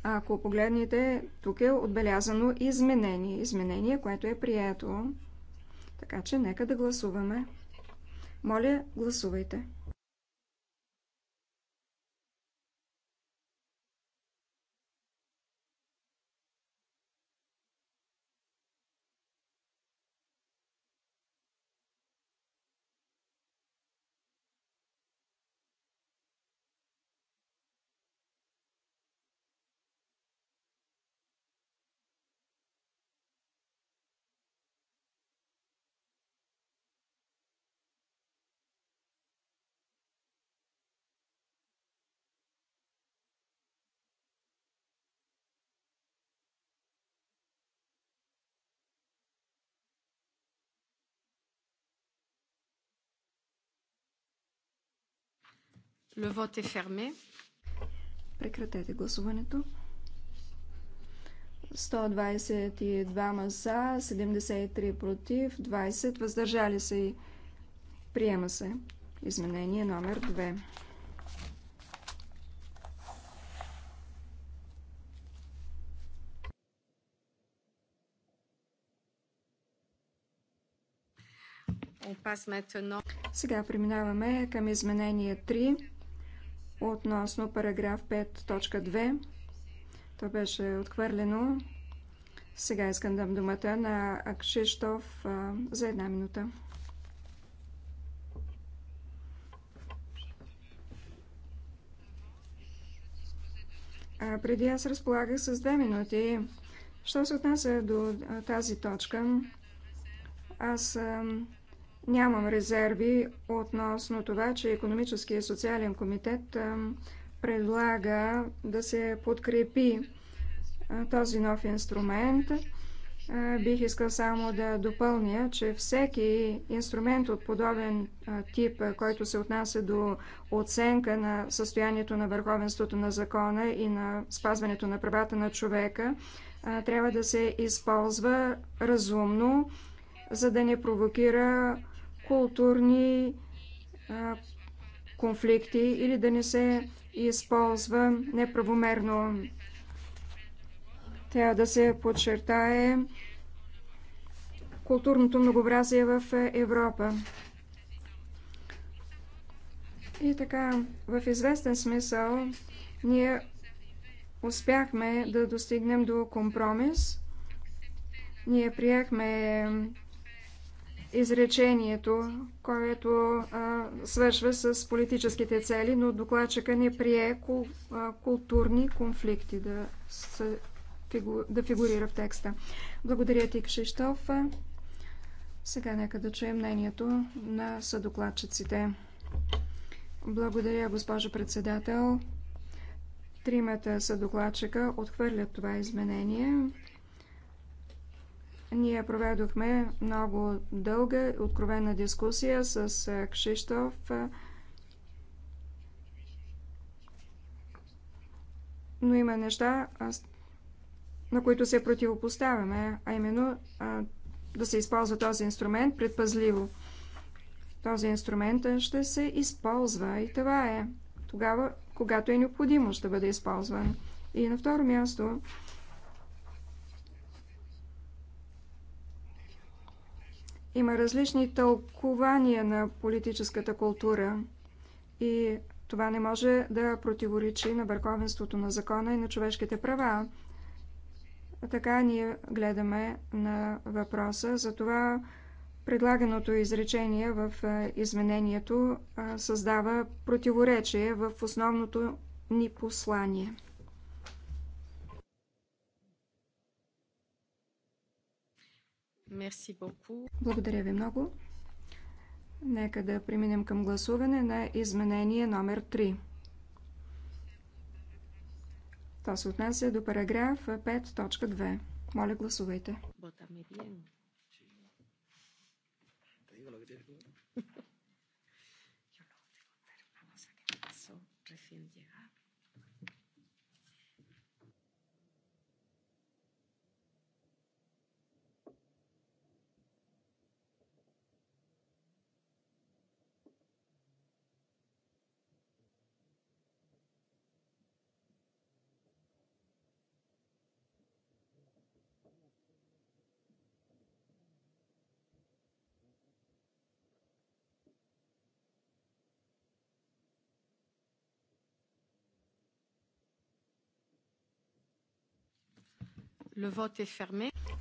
Ако погледнете, тук е отбелязано изменение. Изменение, което е прието. Така че нека да гласуваме. Моля, гласувайте. Le vote est fermé. Прекратете гласуването. 122 за, 73 против, 20 въздържали се и приема се. Изменение номер 2. Сега преминаваме към изменение 3 относно параграф 5.2. То беше отхвърлено. Сега искам да думата на Акшиштов за една минута. А преди аз разполагах с две минути. Що се отнася до тази точка, аз Нямам резерви относно това, че Економическия и социален комитет предлага да се подкрепи този нов инструмент. Бих искал само да допълня, че всеки инструмент от подобен тип, който се отнася до оценка на състоянието на върховенството на закона и на спазването на правата на човека, трябва да се използва разумно, за да не провокира културни а, конфликти или да не се използва неправомерно. Трябва да се подчертае културното многообразие в Европа. И така, в известен смисъл, ние успяхме да достигнем до компромис. Ние приехме изречението, което а, свършва с политическите цели, но докладчика не прие кул, а, културни конфликти да, се, фигу, да фигурира в текста. Благодаря ти, Кшиштоф. Сега нека да чуем мнението на съдокладчиците. Благодаря, госпожо председател. Тримата съдокладчика отхвърлят това изменение. Ние проведохме много дълга, откровена дискусия с Кшиштоф. Но има неща, на които се противопоставяме, а именно да се използва този инструмент предпазливо. Този инструмент ще се използва и това е. Тогава, когато е необходимо, ще бъде използван. И на второ място, Има различни тълкования на политическата култура и това не може да противоречи на върховенството на закона и на човешките права. Така ние гледаме на въпроса. Затова предлаганото изречение в изменението създава противоречие в основното ни послание. Благодаря ви много. Нека да преминем към гласуване на изменение номер 3. То се отнася до параграф 5.2. Моля, гласувайте.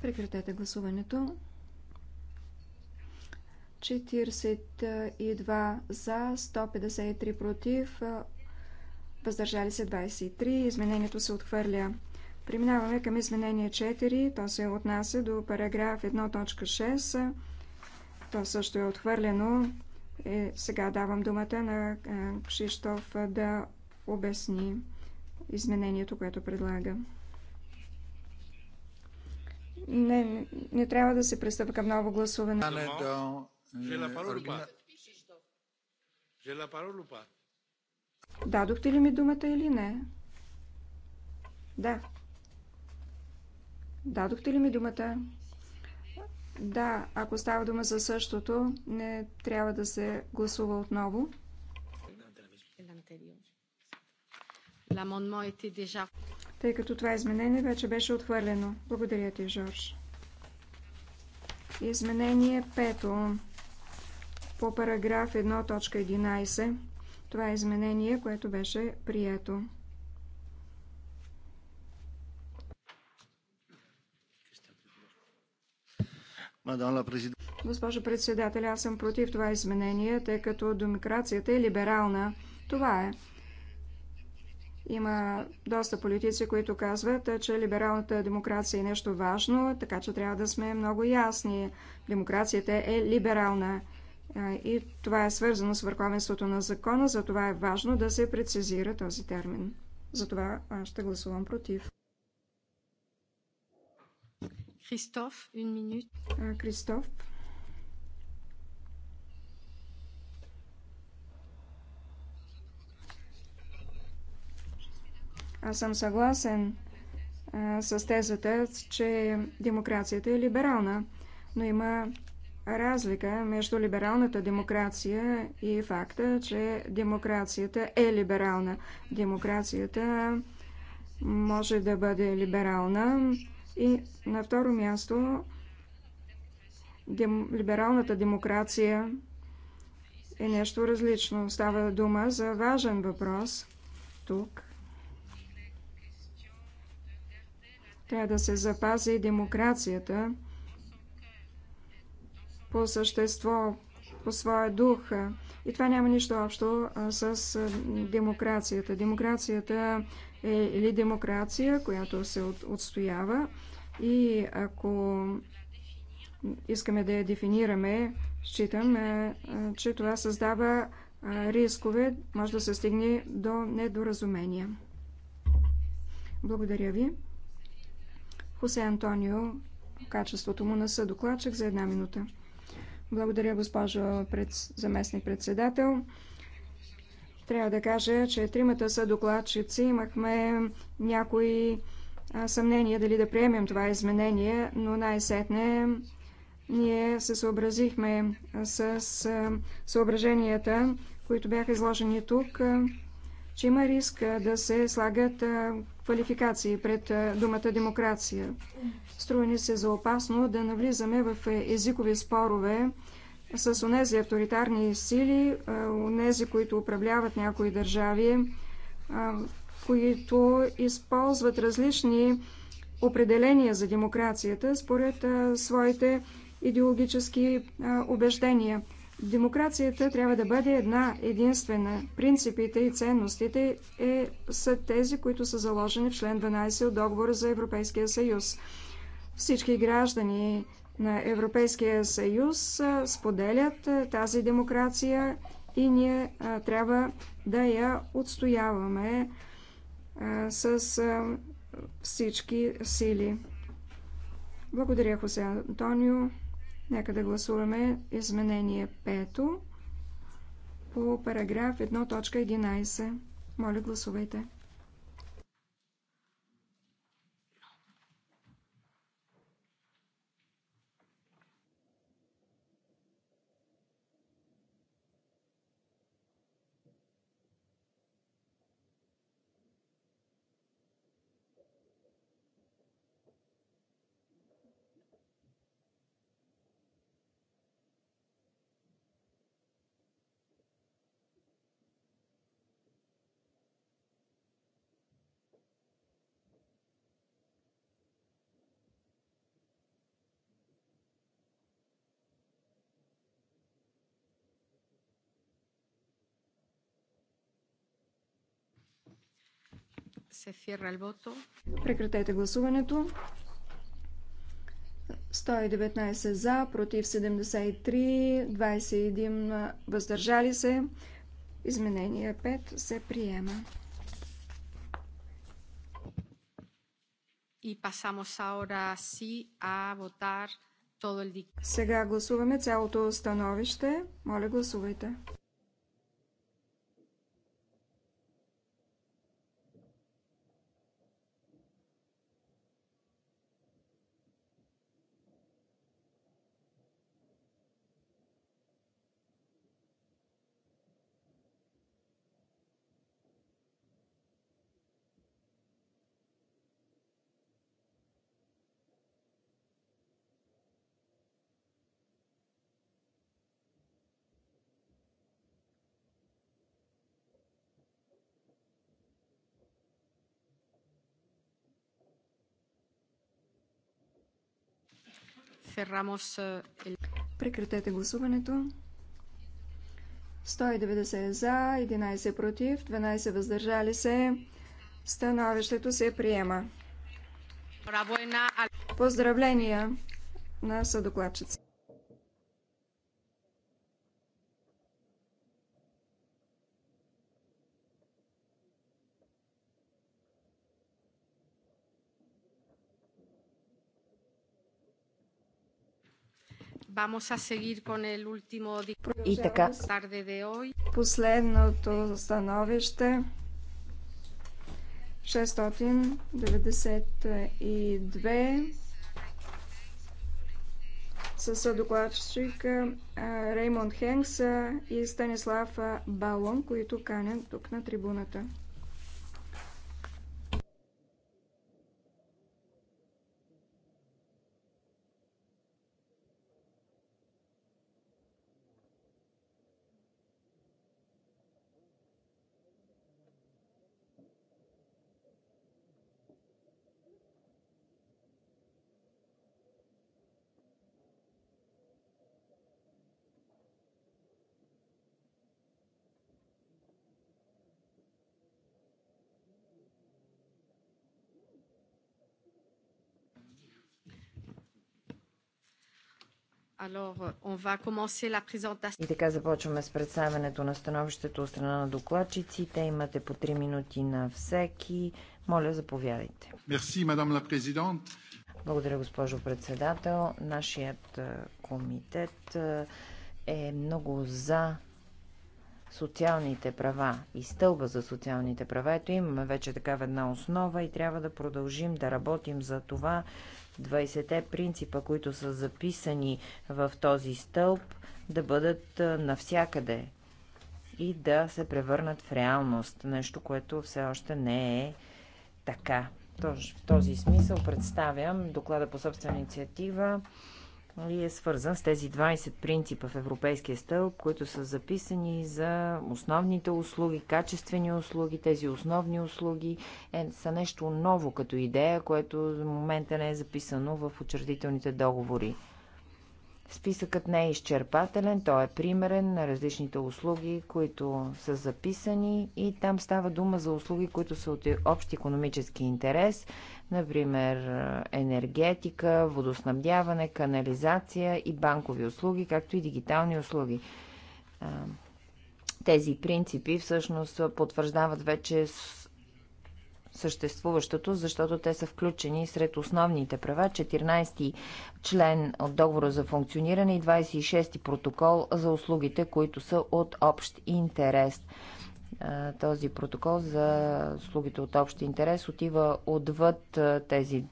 Прекратете гласуването. 42 за, 153 против, въздържали се 23. Изменението се отхвърля. Преминаваме към изменение 4. То се отнася до параграф 1.6. То също е отхвърлено. Е, сега давам думата на Кшиштоф да обясни изменението, което предлага. Не, не трябва да се пристъпва към ново гласуване. Е, Дадохте ли ми думата или не? Да. Дадохте ли ми думата? Да, ако става дума за същото, не трябва да се гласува отново тъй като това изменение вече беше отхвърлено. Благодаря ти, Жорж. Изменение 5 по параграф 1.11. Това е изменение, което беше прието. Госпожо председател, аз съм против това изменение, тъй като демокрацията е либерална. Това е. Има доста политици, които казват, е, че либералната демокрация е нещо важно, така че трябва да сме много ясни. Демокрацията е либерална е, и това е свързано с върховенството на закона, затова е важно да се прецизира този термин. Затова ще гласувам против. Кристоф, Кристоф. Аз съм съгласен а, с тезата, че демокрацията е либерална, но има разлика между либералната демокрация и факта, че демокрацията е либерална. Демокрацията може да бъде либерална и на второ място дем, либералната демокрация е нещо различно. Става дума за важен въпрос тук – Трябва да се запази демокрацията по същество, по своя дух. И това няма нищо общо с демокрацията. Демокрацията е или демокрация, която се отстоява и ако искаме да я дефинираме, считам, че това създава рискове, може да се стигне до недоразумения. Благодаря ви. Хосе Антонио, в качеството му на съдокладчик за една минута. Благодаря, госпожо пред... заместник-председател. Трябва да кажа, че тримата са докладчици. Имахме някои съмнения дали да приемем това изменение, но най-сетне ние се съобразихме с съображенията, които бяха изложени тук че има риск да се слагат квалификации пред думата демокрация. Струва ни се за опасно да навлизаме в езикови спорове с онези авторитарни сили, онези, които управляват някои държави, които използват различни определения за демокрацията според своите идеологически убеждения. Демокрацията трябва да бъде една единствена. Принципите и ценностите е, са тези, които са заложени в член 12 от договора за Европейския съюз. Всички граждани на Европейския съюз споделят тази демокрация и ние трябва да я отстояваме с всички сили. Благодаря, Хосе Антонио. Нека да гласуваме изменение 5 по параграф 1.11. Моля, гласувайте. Се cierra Прекратете гласуването. 119 за, против 73, 21 въздържали се. Изменение 5 се приема. И пасамо ahora sí вотар. votar Сега гласуваме цялото становище. Моля, гласувайте. Eh, Прекратете гласуването. 190 за, 11 против, 12 въздържали се. Становището се приема. Поздравления на съдокладчица. И така, последното становище 692 със докладчик Реймонд Хенкс и Станислав Балон, които канят тук на трибуната. И така започваме с представянето на становището от страна на докладчиците. Имате по три минути на всеки. Моля, заповядайте. Благодаря, госпожо председател. Нашият е, комитет е, е много за социалните права и стълба за социалните права. Ето имаме вече такава една основа и трябва да продължим да работим за това 20-те принципа, които са записани в този стълб, да бъдат навсякъде и да се превърнат в реалност. Нещо, което все още не е така. В този смисъл представям доклада по собствена инициатива нали, е свързан с тези 20 принципа в Европейския стълб, които са записани за основните услуги, качествени услуги. Тези основни услуги е, са нещо ново като идея, което в момента не е записано в учредителните договори. Списъкът не е изчерпателен, той е примерен на различните услуги, които са записани и там става дума за услуги, които са от общ економически интерес, например е, енергетика, водоснабдяване, канализация и банкови услуги, както и дигитални услуги. Тези принципи всъщност потвърждават вече съществуващото, защото те са включени сред основните права, 14 член от договора за функциониране и 26 протокол за услугите, които са от общ интерес. Този протокол за услугите от общ интерес отива отвъд тези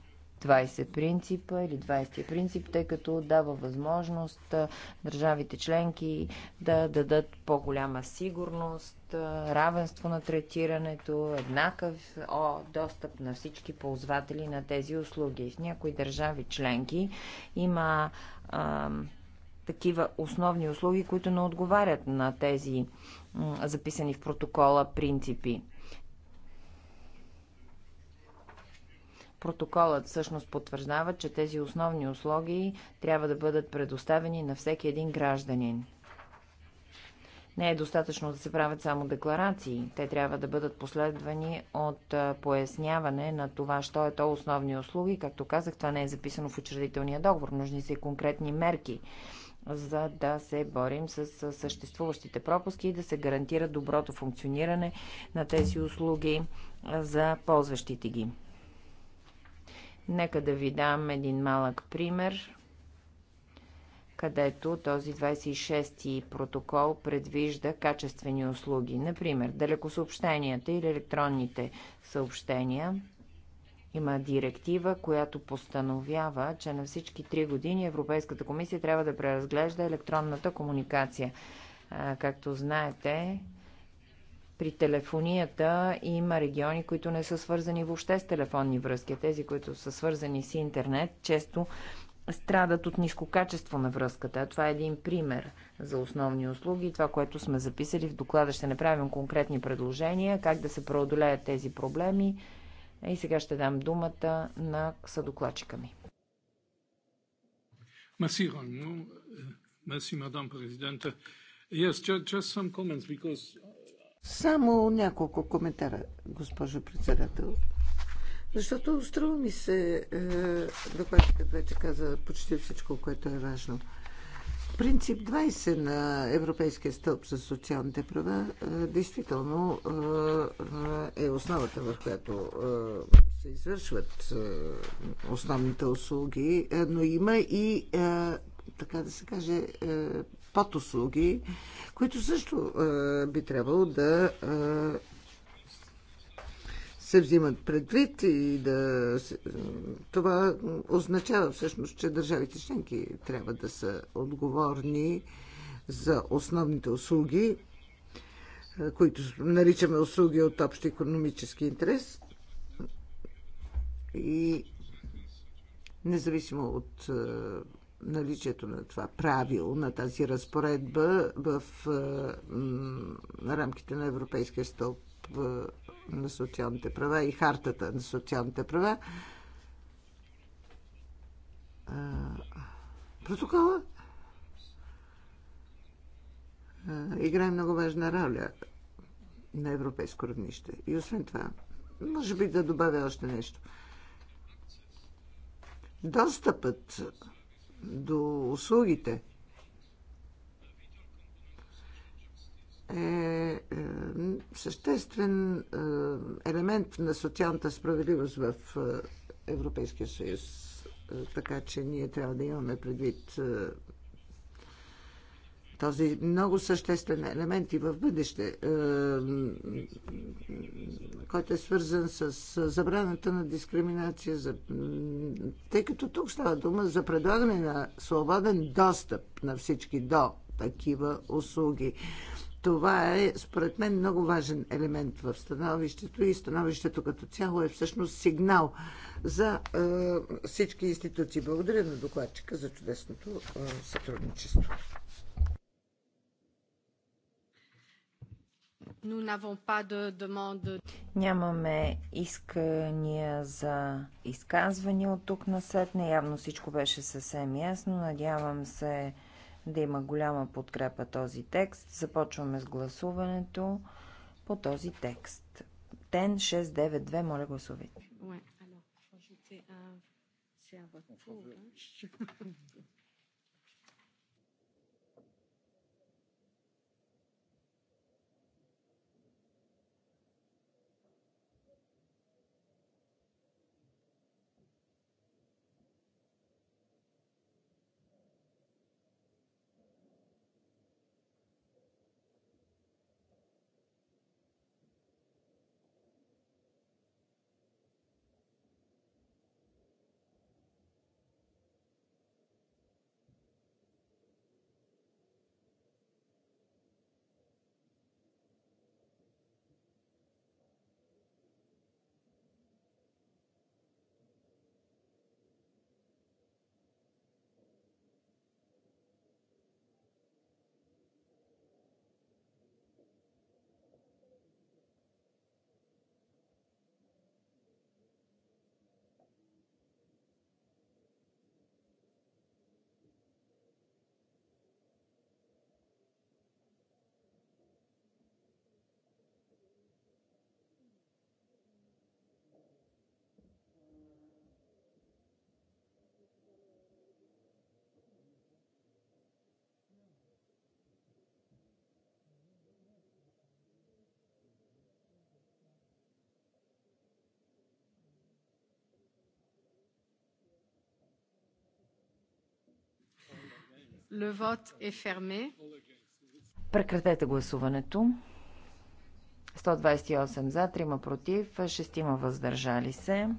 20 принципа или 20 принцип, тъй като дава възможност държавите членки да дадат по-голяма сигурност, равенство на третирането, еднакъв о, достъп на всички ползватели на тези услуги. В някои държави членки има а, такива основни услуги, които не отговарят на тези записани в протокола принципи. Протоколът всъщност потвърждава, че тези основни услуги трябва да бъдат предоставени на всеки един гражданин. Не е достатъчно да се правят само декларации. Те трябва да бъдат последвани от поясняване на това, що е то основни услуги. Както казах, това не е записано в учредителния договор. Нужни са и конкретни мерки, за да се борим с съществуващите пропуски и да се гарантира доброто функциониране на тези услуги за ползващите ги. Нека да ви дам един малък пример, където този 26-ти протокол предвижда качествени услуги. Например, далекосъобщенията или електронните съобщения. Има директива, която постановява, че на всички 3 години Европейската комисия трябва да преразглежда електронната комуникация. Както знаете, при телефонията има региони, които не са свързани въобще с телефонни връзки. Тези, които са свързани с интернет, често страдат от ниско качество на връзката. Това е един пример за основни услуги. Това, което сме записали в доклада, ще направим конкретни предложения, как да се преодолеят тези проблеми. И сега ще дам думата на съдокладчика ми. Мерси, е, Мерси, мадам президента. Yes, just, just some comments because само няколко коментара, госпожо председател. Защото струва ми се, е, докладчикът вече каза почти всичко, което е важно. Принцип 20 на Европейския стълб за социалните права е, действително е, е основата, върху която е, се извършват е, основните услуги, е, но има и, е, така да се каже, е, подуслуги, които също е, би трябвало да е, се взимат предвид и да. Е, това означава всъщност, че държавите членки трябва да са отговорни за основните услуги, които наричаме услуги от общ економически интерес. И независимо от наличието на това правило, на тази разпоредба в рамките на Европейския стълб на социалните права и хартата на социалните права. Протокола играе много важна роля на европейско равнище. И освен това, може би да добавя още нещо. Достъпът до услугите е, е съществен е, елемент на социалната справедливост в е, Европейския съюз. Така че ние трябва да имаме предвид този много съществен елемент и в бъдеще, е, който е свързан с забраната на дискриминация, за... тъй като тук става дума за предлагане на свободен достъп на всички до такива услуги. Това е, според мен, много важен елемент в становището и становището като цяло е всъщност сигнал за е, всички институции. Благодаря на докладчика за чудесното е, сътрудничество. Нямаме искания за изказвания от тук на сетне. Явно всичко беше съвсем ясно. Надявам се да има голяма подкрепа този текст. Започваме с гласуването по този текст. Тен 692, моля гласувайте. Ouais, alors, Прекратете гласуването. 128 за, 3 против, 6 въздържали се.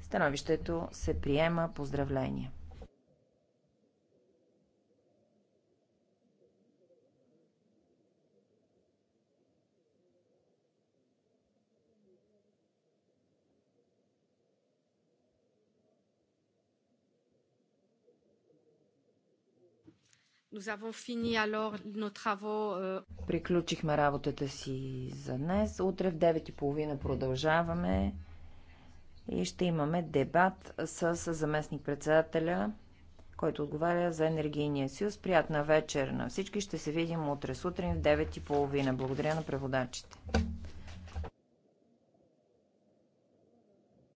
Становището се приема. Поздравления! Euh, Приключихме работата си за днес. Утре в 9.30 продължаваме и ще имаме дебат с заместник-председателя, който отговаря за енергийния съюз. Приятна вечер на всички. Ще се видим утре сутрин в 9.30. Благодаря на преводачите.